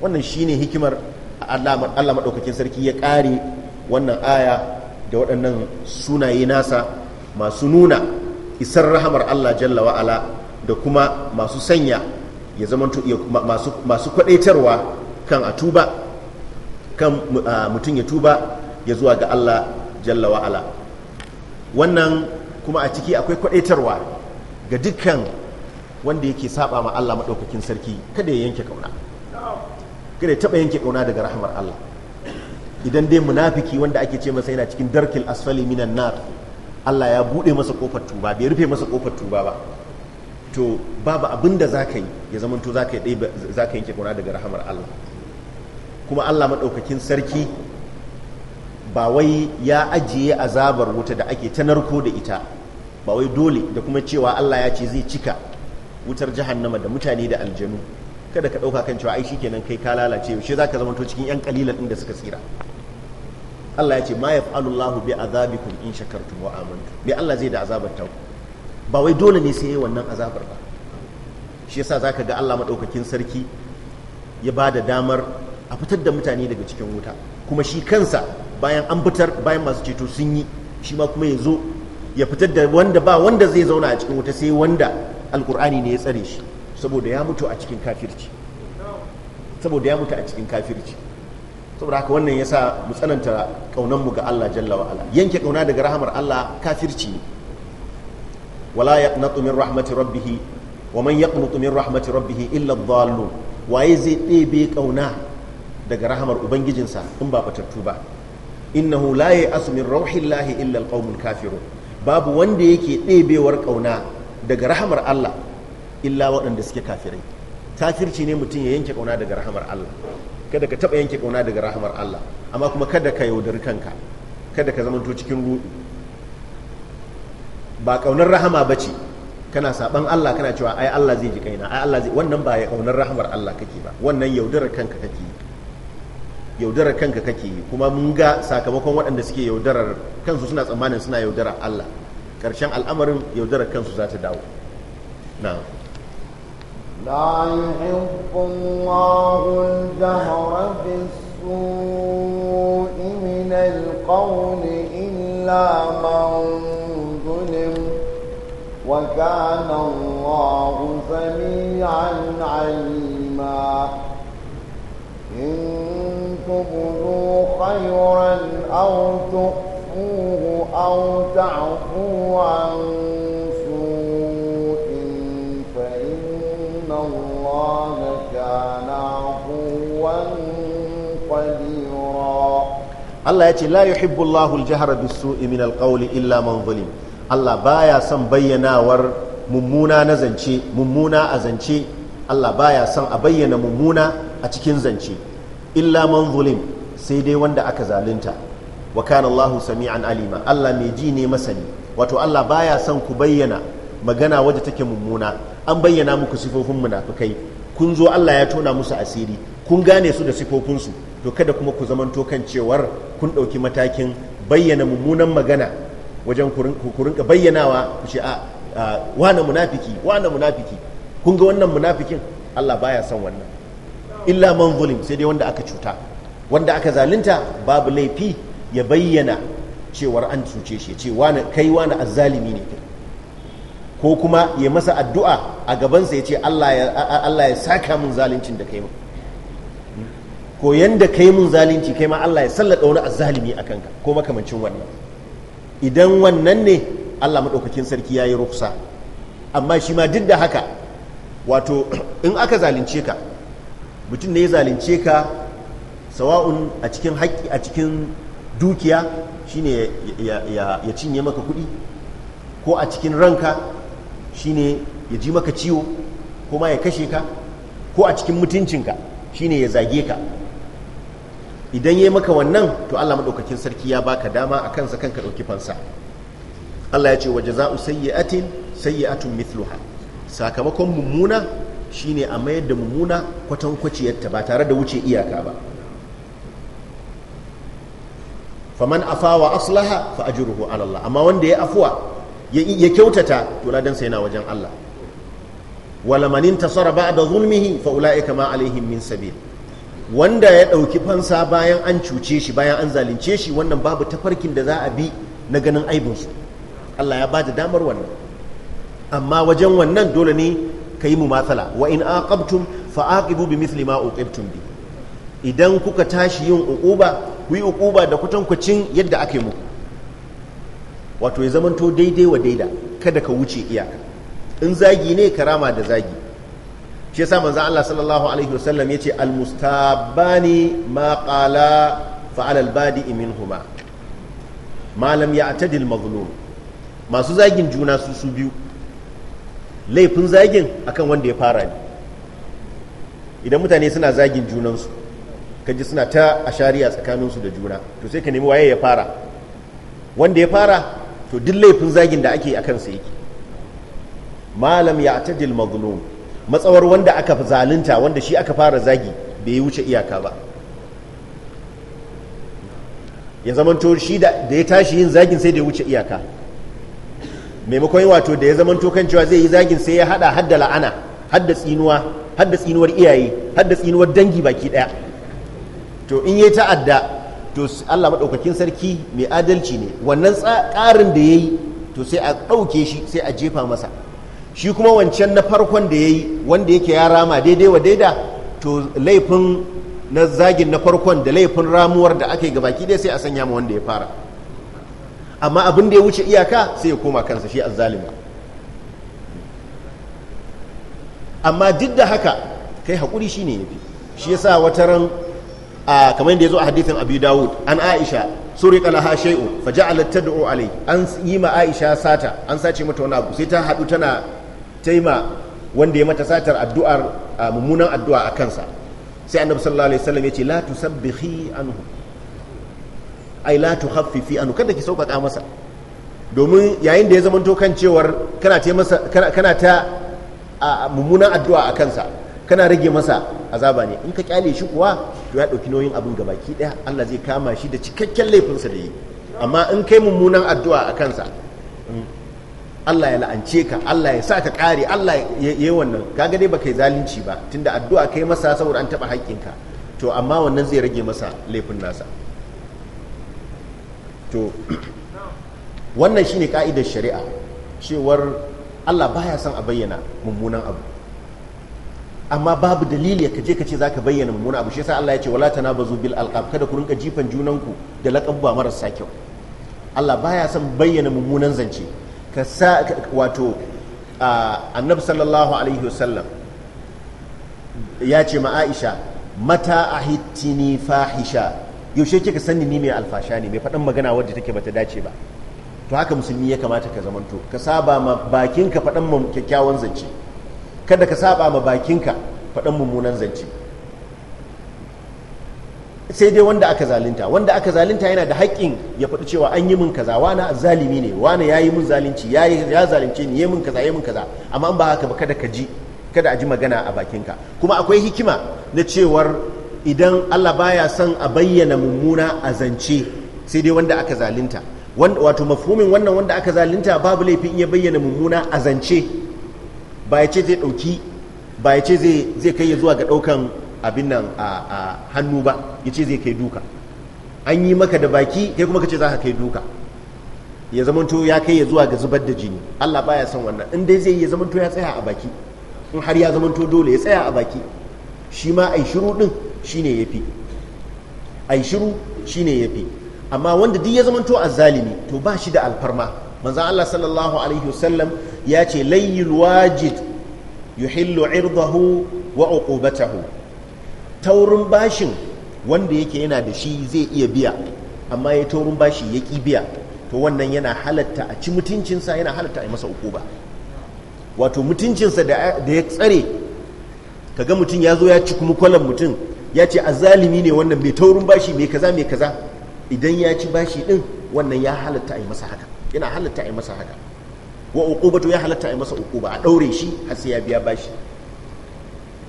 Speaker 1: wannan shine hikimar Allah Allah madaukakin sarki ya ƙare wannan aya da waɗannan sunaye nasa masu nuna isar rahamar Allah jalla wa'ala da kuma masu sanya ya zama masu kwadaitarwa kan a tuba kan mutum ya tuba ya zuwa ga Allah jalla wa'ala wannan kuma a ciki akwai kwadaitarwa ga dukkan wanda yake saba ma Allah maɗaukakin sarki kada ya yanke kauna kada ya taɓa yanke kauna daga rahamar Allah idan dai munafiki wanda ake ce masa yana cikin darkil asfali minan nar Allah ya bude masa kofar tuba bai rufe masa kofar tuba ba to babu abin da zaka yi ya zama to zaka yi zaka yanke kauna daga rahamar Allah kuma Allah madaukakin sarki ba wai ya ajiye azabar wuta da ake ta narko da ita ba wai dole da kuma cewa Allah ya ce zai cika wutar jahannama da mutane da aljanu kada ka ɗauka kan cewa ai kenan kai ka lalace yaushe zaka ka zama to cikin 'yan kalilan ɗin da suka tsira Allah ya ce ma yaf'alullahu bi azabikum in shakartum wa amantum me Allah zai da azabar ta ba wai dole ne sai wannan azabar ba shi yasa zaka ga Allah maɗaukakin sarki ya ba da damar a fitar da mutane daga cikin wuta kuma shi kansa bayan an fitar bayan masu ceto sun yi shi ma kuma ya zo ya fitar da wanda ba wanda zai zauna a cikin wuta sai wanda alkur'ani ne ya tsare shi saboda saboda ya mutu a cikin kafirci saboda haka wannan yasa mu tsananta kaunan mu ga Allah jalla wa yanke kauna daga rahamar Allah kafirci wala yaqnatu min rahmati rabbih wa man yaqnutu min rahmati rabbih illa adh waye zai ɗebe kauna daga rahamar ubangijinsa in ba fatattu ba innahu la ya'asu min rauhillahi illa al kafiru. babu wanda yake ɗebewar ƙauna daga rahamar Allah illa waɗanda suke kafirai kafirci ne mutum ya yanke ƙauna daga rahamar Allah kada ka taba yanke kauna daga rahamar Allah amma kuma kada ka yaudari kanka kada ka zamanto cikin ruɗu ba kaunar rahama ba ce kana saɓan Allah kana cewa ai Allah zai ji kaina ai Allah zai wannan ba ya kaunar rahamar Allah kake ba wannan yaudarar kanka kake yaudarar kanka kake kuma mun ga sakamakon waɗanda suke yaudarar kansu suna tsammanin suna yaudarar Allah ƙarshen al'amarin yaudarar kansu za ta dawo na'am
Speaker 2: لا يحب الله الجهر في السوء من القول إلا من ظلم وكان الله سميعا عليما إن تبدو خيرا أو تخفوه أو تعفو عنه الله ya ce la
Speaker 1: الله يتي لا يحب الله الجهر بالسوء من القول إلا من ظلم الله بايا ور mummuna na zance a zance Allah baya son a bayyana mummuna a cikin zance illa man zulim sai dai wanda aka zalunta wa kana sami'an alima Allah mai ji ne masani wato Allah baya son ku bayyana magana waje take mummuna an bayyana muku sifofin munafukai kun zo Allah ya tona musu asiri kun gane su da sifofinsu to kada kuma ku zamanto kan cewar kun ɗauki matakin bayyana mummunan magana wajen ku rinka bayyanawa ku ce a ah, ah, wane munafiki wane munafiki kun ga wannan munafikin Allah baya son wannan illa man zulim sai dai wanda aka cuta wanda aka zalunta babu laifi ya bayyana cewar an cuce shi ce kai wane azzalimi ne ko kuma ya masa addu'a a gabansa ya ce Allah ya saka min zaluncin da kai min ko yanda kai mun zalunci kai ma Allah ya sallada wani azzalimi a kanka ko makamancin wannan idan wannan ne Allah maɗaukakin sarki ya yi ruksa amma shi ma duk da haka wato in aka zalunce ka mutum ne ya zalunce ka sawa'un a cikin haƙƙi a cikin dukiya shine ya cinye maka kuɗi ko a cikin ranka shine ya ji maka ciwo ko ma ya kashe ka ko a cikin mutuncinka shine ya zage ka idan ya yi maka wannan to Allah maɗaukakin sarki ya baka dama a kansa kanka ɗauki fansa Allah ya ce wa jaza'u sayyi'atin sayyi'atun mithluha sakamakon mummuna shine a mayar da mummuna kwatan kwaciyarta ba tare da wuce iyaka ba faman afawa wa aslaha fa ajruhu ala Allah amma wanda ya afuwa ya kyautata to ladan sa yana wajen Allah wala man intasara ba'da zulmihi fa ulaika ma alaihim min sabil wanda ya dauki fansa bayan an cuce shi bayan an zalunce shi wannan babu tafarkin da za a bi na ganin aibin su Allah ya bada damar wannan amma wajen wannan dole ne ka yi mumathala wa in aqabtum fa aqibu bimithli ma uqibtum bi idan kuka tashi yin uquba kuyi yi uquba da kutankucin yadda ake muku wato ya zamanto daidai wa daida kada ka wuce iyaka in zagi ne karama da zagi shi yasa manzon Allah sallallahu alaihi wasallam yace almustabani ma qala fa ala albadi minhuma ma lam ya'tadi almazlum masu zagin juna su su biyu laifin zagin akan wanda ya fara ne idan mutane suna zagin junansu ka ji suna ta ashariya tsakaninsu da juna to sai ka nemi waye ya fara wanda ya fara to duk laifin zagin da ake a kansa yake malam ya tadil mazlum matsawar wanda aka zalunta wanda shi aka fara zagi bai wuce iyaka ba ya zamanto shi da ya tashi yin zagin sai da ya wuce iyaka maimakon wato da ya zamanto kan cewa zai yi zagin sai ya hada hadda la'ana hadda tsinuwa hadda tsinuwar iyaye hadda tsinuwar dangi baki daya to in yi ta'adda to Allah maɗaukakin sarki mai adalci ne wannan ƙarin da ya yi to sai a ɗauke shi sai a jefa masa shi kuma wancan na farkon da ya yi wanda yake ya rama daidai wa daida to laifin na zagin na farkon da laifin ramuwar da aka yi gabaki ɗaya sai a sanya ma wanda ya fara amma abin da ya wuce iyaka sai ya koma kansa shi azzalima amma duk da haka kai hakuri shine yafi shi yasa wata ran kamar yadda ya zo a hadithin abu dawud an aisha suriqa ha shai'u fa ja'alat tad'u alai an yi ma aisha sata an sace mata wani abu sai ta hadu tana taima wanda ya mata satar addu'ar mummunan addu'a a kansa sai annabi sallallahu alaihi wasallam yace la tusabbihi anhu ai la tukhaffifi anhu kada ki sauƙaƙa masa domin yayin da ya zamanto kan cewar kana ta mummunan addu'a a kansa kana rage masa azaba ne in ka kyale shi kuwa to ya ɗauki nauyin abin gabaki ɗaya Allah zai kama shi da cikakken laifinsa da yi amma in kai mummunan addu'a a kansa mm, Allah ya la'ance ka Allah ya sa ka kare Allah ya yi wannan kaga dai baka yi zalunci ba tunda addu'a kai masa saboda an taɓa haƙƙinka to amma wannan zai rage masa laifin nasa to wannan shine ka'idar shari'a cewar Allah baya son a bayyana mummunan abu amma babu dalili ka je ka ce zaka bayyana mummuna abu shi yasa Allah ya ce wala tanabazu bil alqab kada ku rinka jifan junanku da ba marasa kyau Allah baya son bayyana mummunan zance ka sa wato annabi sallallahu alaihi wasallam ya ce ma Aisha mata ahittini fahisha yaushe kika sani ni mai alfasha ne mai faɗan magana wadda take bata dace ba to haka musulmi ya kamata ka zamanto ka saba ma bakinka ka mu kyakkyawan zance kada ka saba ma bakinka faɗan mummunan zance sai dai wanda aka zalinta. wanda aka zalinta yana da haƙƙin ya faɗi cewa an yi min kaza wani zalimi ne wani ya yi min zalunci ya zalunce ni ya min kaza ya min kaza amma an ba haka ba kada ka ji kada a ji magana a bakinka kuma akwai hikima na cewar idan Allah baya son a bayyana mummuna a zance sai dai wanda aka zalinta. wato mafhumin wannan wanda aka zalinta babu laifin ya bayyana mummuna a zance ba ya ce zai ɗauki ba ya ce zai kai ya zuwa ga ɗaukan abin nan a hannu ba ya ce zai kai duka an yi maka da baki kai kuma ka ce za ka kai duka ya to ya kai ya zuwa ga zubar da jini Allah baya son wannan in dai zai ya to ya tsaya a baki in har ya to dole ya tsaya a baki shi ma ai shiru din fi a yi shiru ya fi amma wanda duk ya a zalimi to ba shi da alfarma manzan Allah sallallahu alaihi wasallam ya ce layyul wajid yuhillu irdahu wa uqubatahu taurin bashin wanda yake yana da shi zai iya biya amma ya taurin bashi ya ki biya to wannan yana halatta a ci mutuncinsa yana halatta a yi masa ukuba wato mutuncinsa da ya tsare kaga mutum ya zo ya ci kuma kwalan mutum ya ce azalimi ne wannan mai taurin bashi mai kaza mai kaza idan ya ci bashi din wannan ya halatta a yi masa haka yana halatta a yi masa haka wa uqubatu ya halatta a masa uquba a ɗaure shi har sai ya biya bashi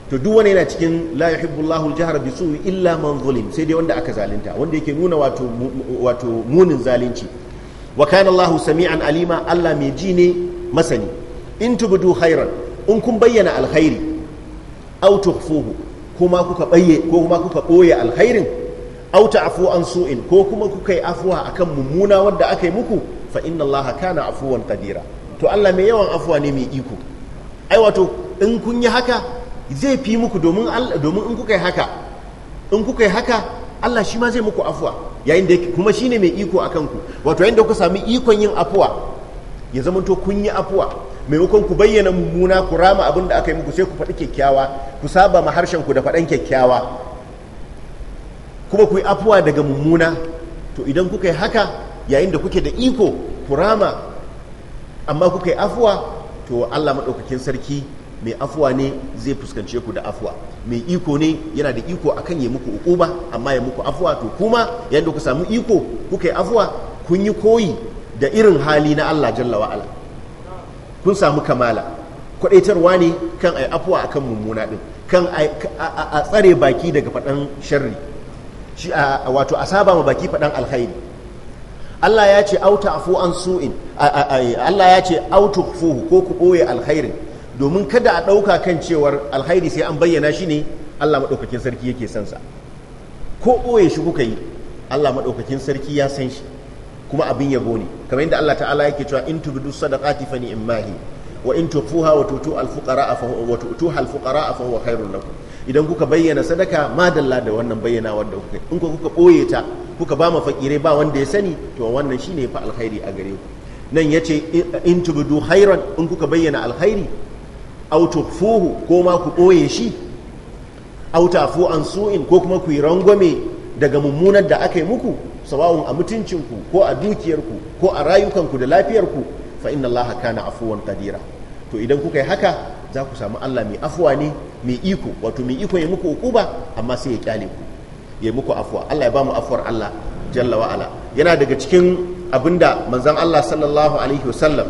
Speaker 1: to duk wani yana cikin la yuhibbu Allahu al-jahra bi su'i illa man zulim sai dai wanda aka zalunta wanda yake nuna wato wato munin zalunci wa kana Allahu sami'an alima Allah mai ji ne masani in tubdu khairan in kun bayyana alkhairi aw tukhfuhu kuma kuka bayye ko kuma kuka boye alkhairin aw ta'fu an su'in ko kuma kuka yi afuwa akan mummuna wanda aka yi muku fa inna Allaha kana afuwan qadira to Allah mai yawan afuwa ne mai iko ai wato in kun yi haka zai fi muku domin in kuka yi haka in kuka yi haka Allah shi ma zai muku afuwa yayin da kuma shine mai iko a kanku. wato yayin da kuka sami ikon yin afuwa ya zama zamanto kun yi afuwa maimakon ku bayyana mummuna ku rama abin da aka yi muku sai ku faɗi kyakkyawa ku saba ma harshen ku da faɗan kyakkyawa kuma ku yi afuwa daga mummuna to idan kuka yi haka yayin da kuke da iko ku rama amma kuka yi afuwa to Allah maɗaukakin sarki mai afuwa ne zai fuskance ku da afuwa mai iko ne yana da iko akan ya muku ukuba amma ya muku afuwa to kuma yadda ku samu iko kuka yi afuwa kun yi koyi da irin hali na Allah jalla wa'ala kun samu kamala kwadaitarwa ne kan ai afuwa akan mummuna din kan a tsare baki daga faɗan sharri wato a saba ma baki faɗan alkhairi Allah ya ce auta afu an su'in Allah ya ce auta fuhu ko ku ɓoye alkhairin domin kada a ɗauka kan cewar alkhairi sai an bayyana shi ne Allah maɗaukakin sarki yake son sa ko ɓoye shi kuka yi Allah maɗaukakin sarki ya san shi kuma abin yabo ne kamar yadda Allah ta'ala yake cewa in tubdu sadaqati fa ni'mahi wa in tufuha wa tutu al fa wa tutu al fa huwa khairun lakum idan kuka bayyana sadaka ma dalla da wannan bayyana wanda kuka in kuka ɓoye ta kuka ba fakirai ba wanda ya sani to wannan shine fa alkhairi a gare ku nan yace in tubdu hairan in kuka bayyana alkhairi aw tukhfuhu ko ma ku boye shi aw tafu an su'in ko kuma ku yi rangwame daga mummunar da aka yi muku sawa'un a mutuncinku ko a dukiyarku ko a rayukanku da lafiyarku fa inna allaha kana afuwan qadira to idan kuka yi haka za ku samu Allah mai afuwa ne mai iko wato mai iko ya muku ukuba amma sai ya kyale ku ya muku afuwa Allah ya ba mu afuwar Allah jalla wa yana daga cikin abinda manzon Allah sallallahu alaihi wasallam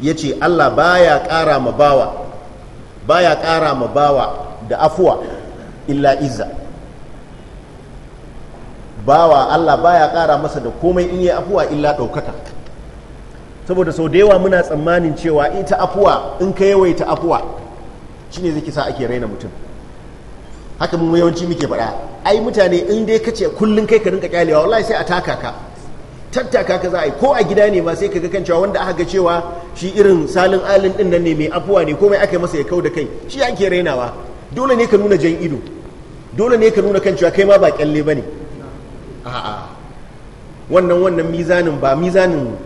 Speaker 1: ya ce Allah baya ƙara ma bawa baya ƙara ma bawa da afuwa illa izza bawa Allah baya ƙara masa da komai in yi afuwa illa ɗaukaka saboda sau da yawa muna tsammanin cewa ita afuwa in ka yawaita afuwa shine zai kisa ake raina mutum haka mun yawanci muke faɗa ai mutane in dai ka ce kullum kai ka rinka kyalewa wallahi sai a taka ka tattaka ka za a yi ko a gida ne ma sai ka ga kan cewa wanda aka ga cewa shi irin salin alin din nan ne mai afuwa ne komai aka masa ya kau da kai shi ake rainawa dole ne ka nuna jan ido dole ne ka nuna kan cewa kai ma ba kyalle ba ne a'a wannan wannan mizanin ba mizanin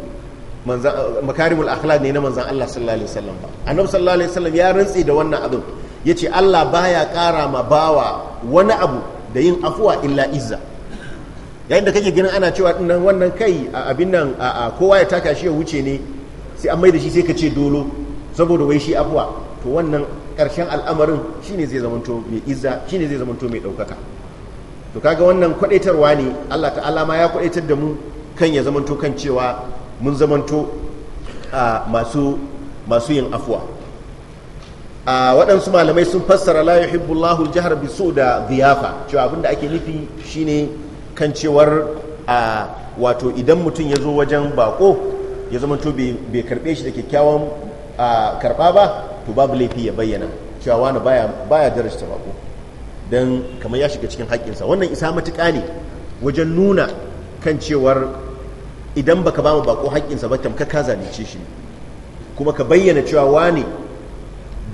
Speaker 1: makarimul akhlaq ne na manzan Allah sallallahu alaihi wasallam ba annabi sallallahu alaihi wasallam ya rantse da wannan abin ya ce allah baya kara ma bawa wani abu da yin afuwa illa izza yayin da kake ganin ana cewa dinnan wannan kai a abin nan a kowa ya taka shi ya wuce ne sai an mai da shi sai ka ce dolo saboda wai shi afuwa to wannan ƙarshen al'amarin shine zai zamanto mai izza shine zai zamanto mai ɗaukaka to kaga wannan kwadaitarwa ne Allah ta'ala ma ya kwadaitar da mu kan ya zamanto kan cewa mun zamanto masu masu yin afuwa a waɗansu malamai sun fassara la yuhibbullahu jihar bisu da ziyafa cewa abin da ake nufi shine kan cewar a wato idan mutum ya zo wajen bako ya zama to bai karbe shi da kyakkyawan karɓa ba to babu laifi ya bayyana cewa wani baya baya darasta bako don kamar ya shiga cikin haƙƙinsa wannan isa matuƙa ne wajen nuna kan cewar idan baka ba mu bako haƙƙinsa ba tamka ka zalunce shi kuma ka bayyana cewa wane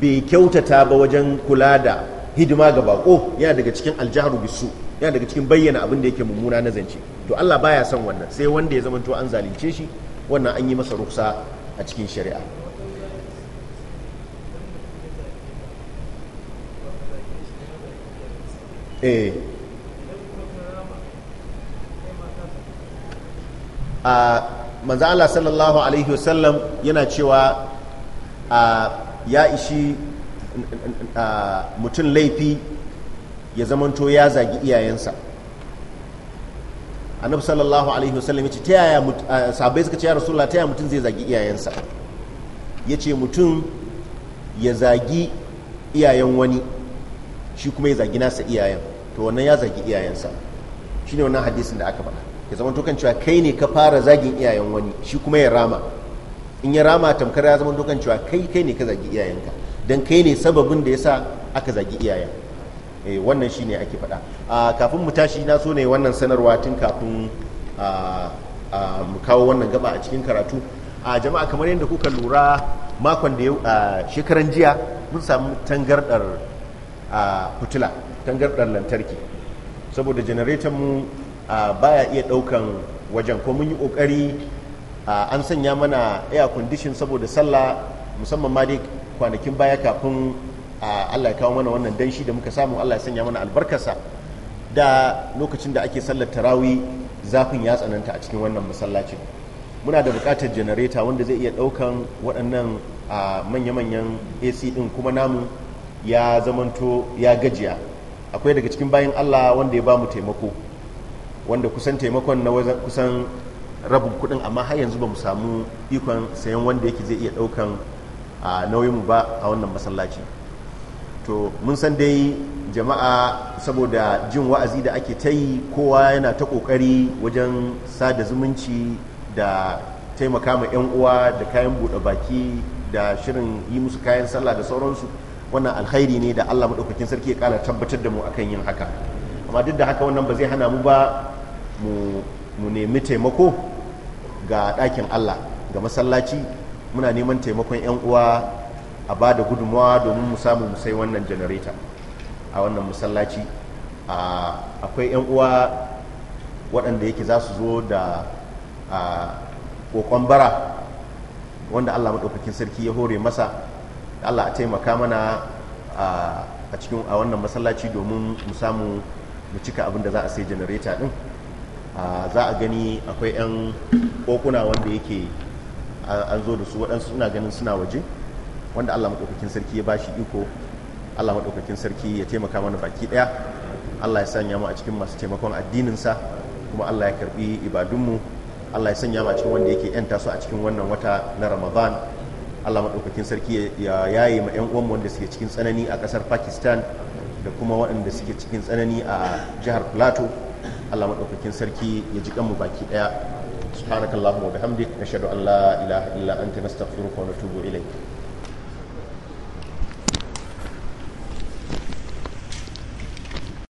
Speaker 1: bai kyautata ba wajen kula da hidima ga bako yana daga cikin aljaharu bisu yana daga cikin bayyana abin da yake mummuna na zance to Allah baya son wannan sai wanda ya zamanto an zalunce shi wannan an yi masa ruksa a cikin shari'a eh a ah, manzo Allah sallallahu alaihi wasallam yana cewa a ah, ya ishi mutum laifi ya zamanto ya zagi iyayensa annabi sallallahu alaihi wasallam ce ta yaya sabai suka ce ya rasulullah ta yaya mutum zai zagi iyayensa Ya ce mutum ya zagi iyayen wani shi kuma ya zagi nasa iyayen to wannan ya zagi iyayensa shine wannan hadisin da aka faɗa ya zama to kan cewa kai ne ka fara zagin iyayen wani shi kuma ya rama in ya rama tamkar ya zama dokan cewa kai kai ne ka zagi iyayenka don kai ne sababin da ya sa aka zagi iyayen eh wannan shine ake faɗa a kafin mu tashi na so ne wannan sanarwa tun kafin mu kawo wannan gaba a cikin karatu a jama'a kamar yadda kuka lura makon da ya shekaran jiya mun samu tangardar fitila tangardar lantarki saboda janareton mu baya iya daukan wajen ko mun yi kokari an sanya mana air condition saboda sallah musamman ma dai kwanakin baya kafin Allah ya kawo mana wannan danshi da muka samu Allah ya sanya mana albarkarsa da lokacin da ake sallar tarawi zafin ya tsananta a cikin wannan masallacin muna da bukatar janareta wanda zai iya ɗaukan waɗannan manya-manyan ac ɗin kuma namu ya zamanto ya gajiya akwai daga cikin bayan allah wanda ya ba mu taimako wanda kusan taimakon na kusan rabin kudin amma har yanzu ba mu samu ikon sayan wanda yake zai iya daukan nauyin mu ba a wannan masallaci to mun san dai jama'a saboda jin wa'azi da ake ta yi kowa yana ta kokari wajen sada zumunci da taimaka ma 'yan uwa da kayan buɗe baki da shirin yi musu kayan sallah da sauransu wannan alkhairi ne da allah maɗaukakin sarki ya ƙara tabbatar da mu akan yin haka amma duk da haka wannan ba zai hana mu ba mu nemi taimako ga ɗakin Allah ga masallaci muna neman taimakon 'yan uwa a ba da gudunmawa domin mu samu mu sai wannan janareta a wannan masallaci akwai 'yan uwa waɗanda yake za su zo da kokon bara wanda Allah maɗaukakin sarki ya hore masa Allah a taimaka mana a cikin a wannan masallaci domin mu samu mu cika abin da za a sai janareta ɗin za a gani akwai 'yan kokuna wanda yake an zo da su waɗansu suna ganin suna waje wanda allah maɗaukakin sarki ya bashi iko allah maɗaukakin sarki ya taimaka mana baki ɗaya allah ya sanya mu a cikin masu taimakon addininsa kuma allah ya karɓi ibadunmu allah ya sanya mu a cikin wanda yake yan su a cikin wannan wata na ramadan allah maɗaukakin sarki ya yaye ma 'yan uwanmu wanda suke cikin tsanani a ƙasar pakistan da kuma waɗanda suke cikin tsanani a jihar plateau Allah madaukakin sarki ya ji kanmu baki ɗaya subhanakallahumma wa bihamdik nashhadu an la ilaha illa anta nastaghfiruka wa natubu ilayk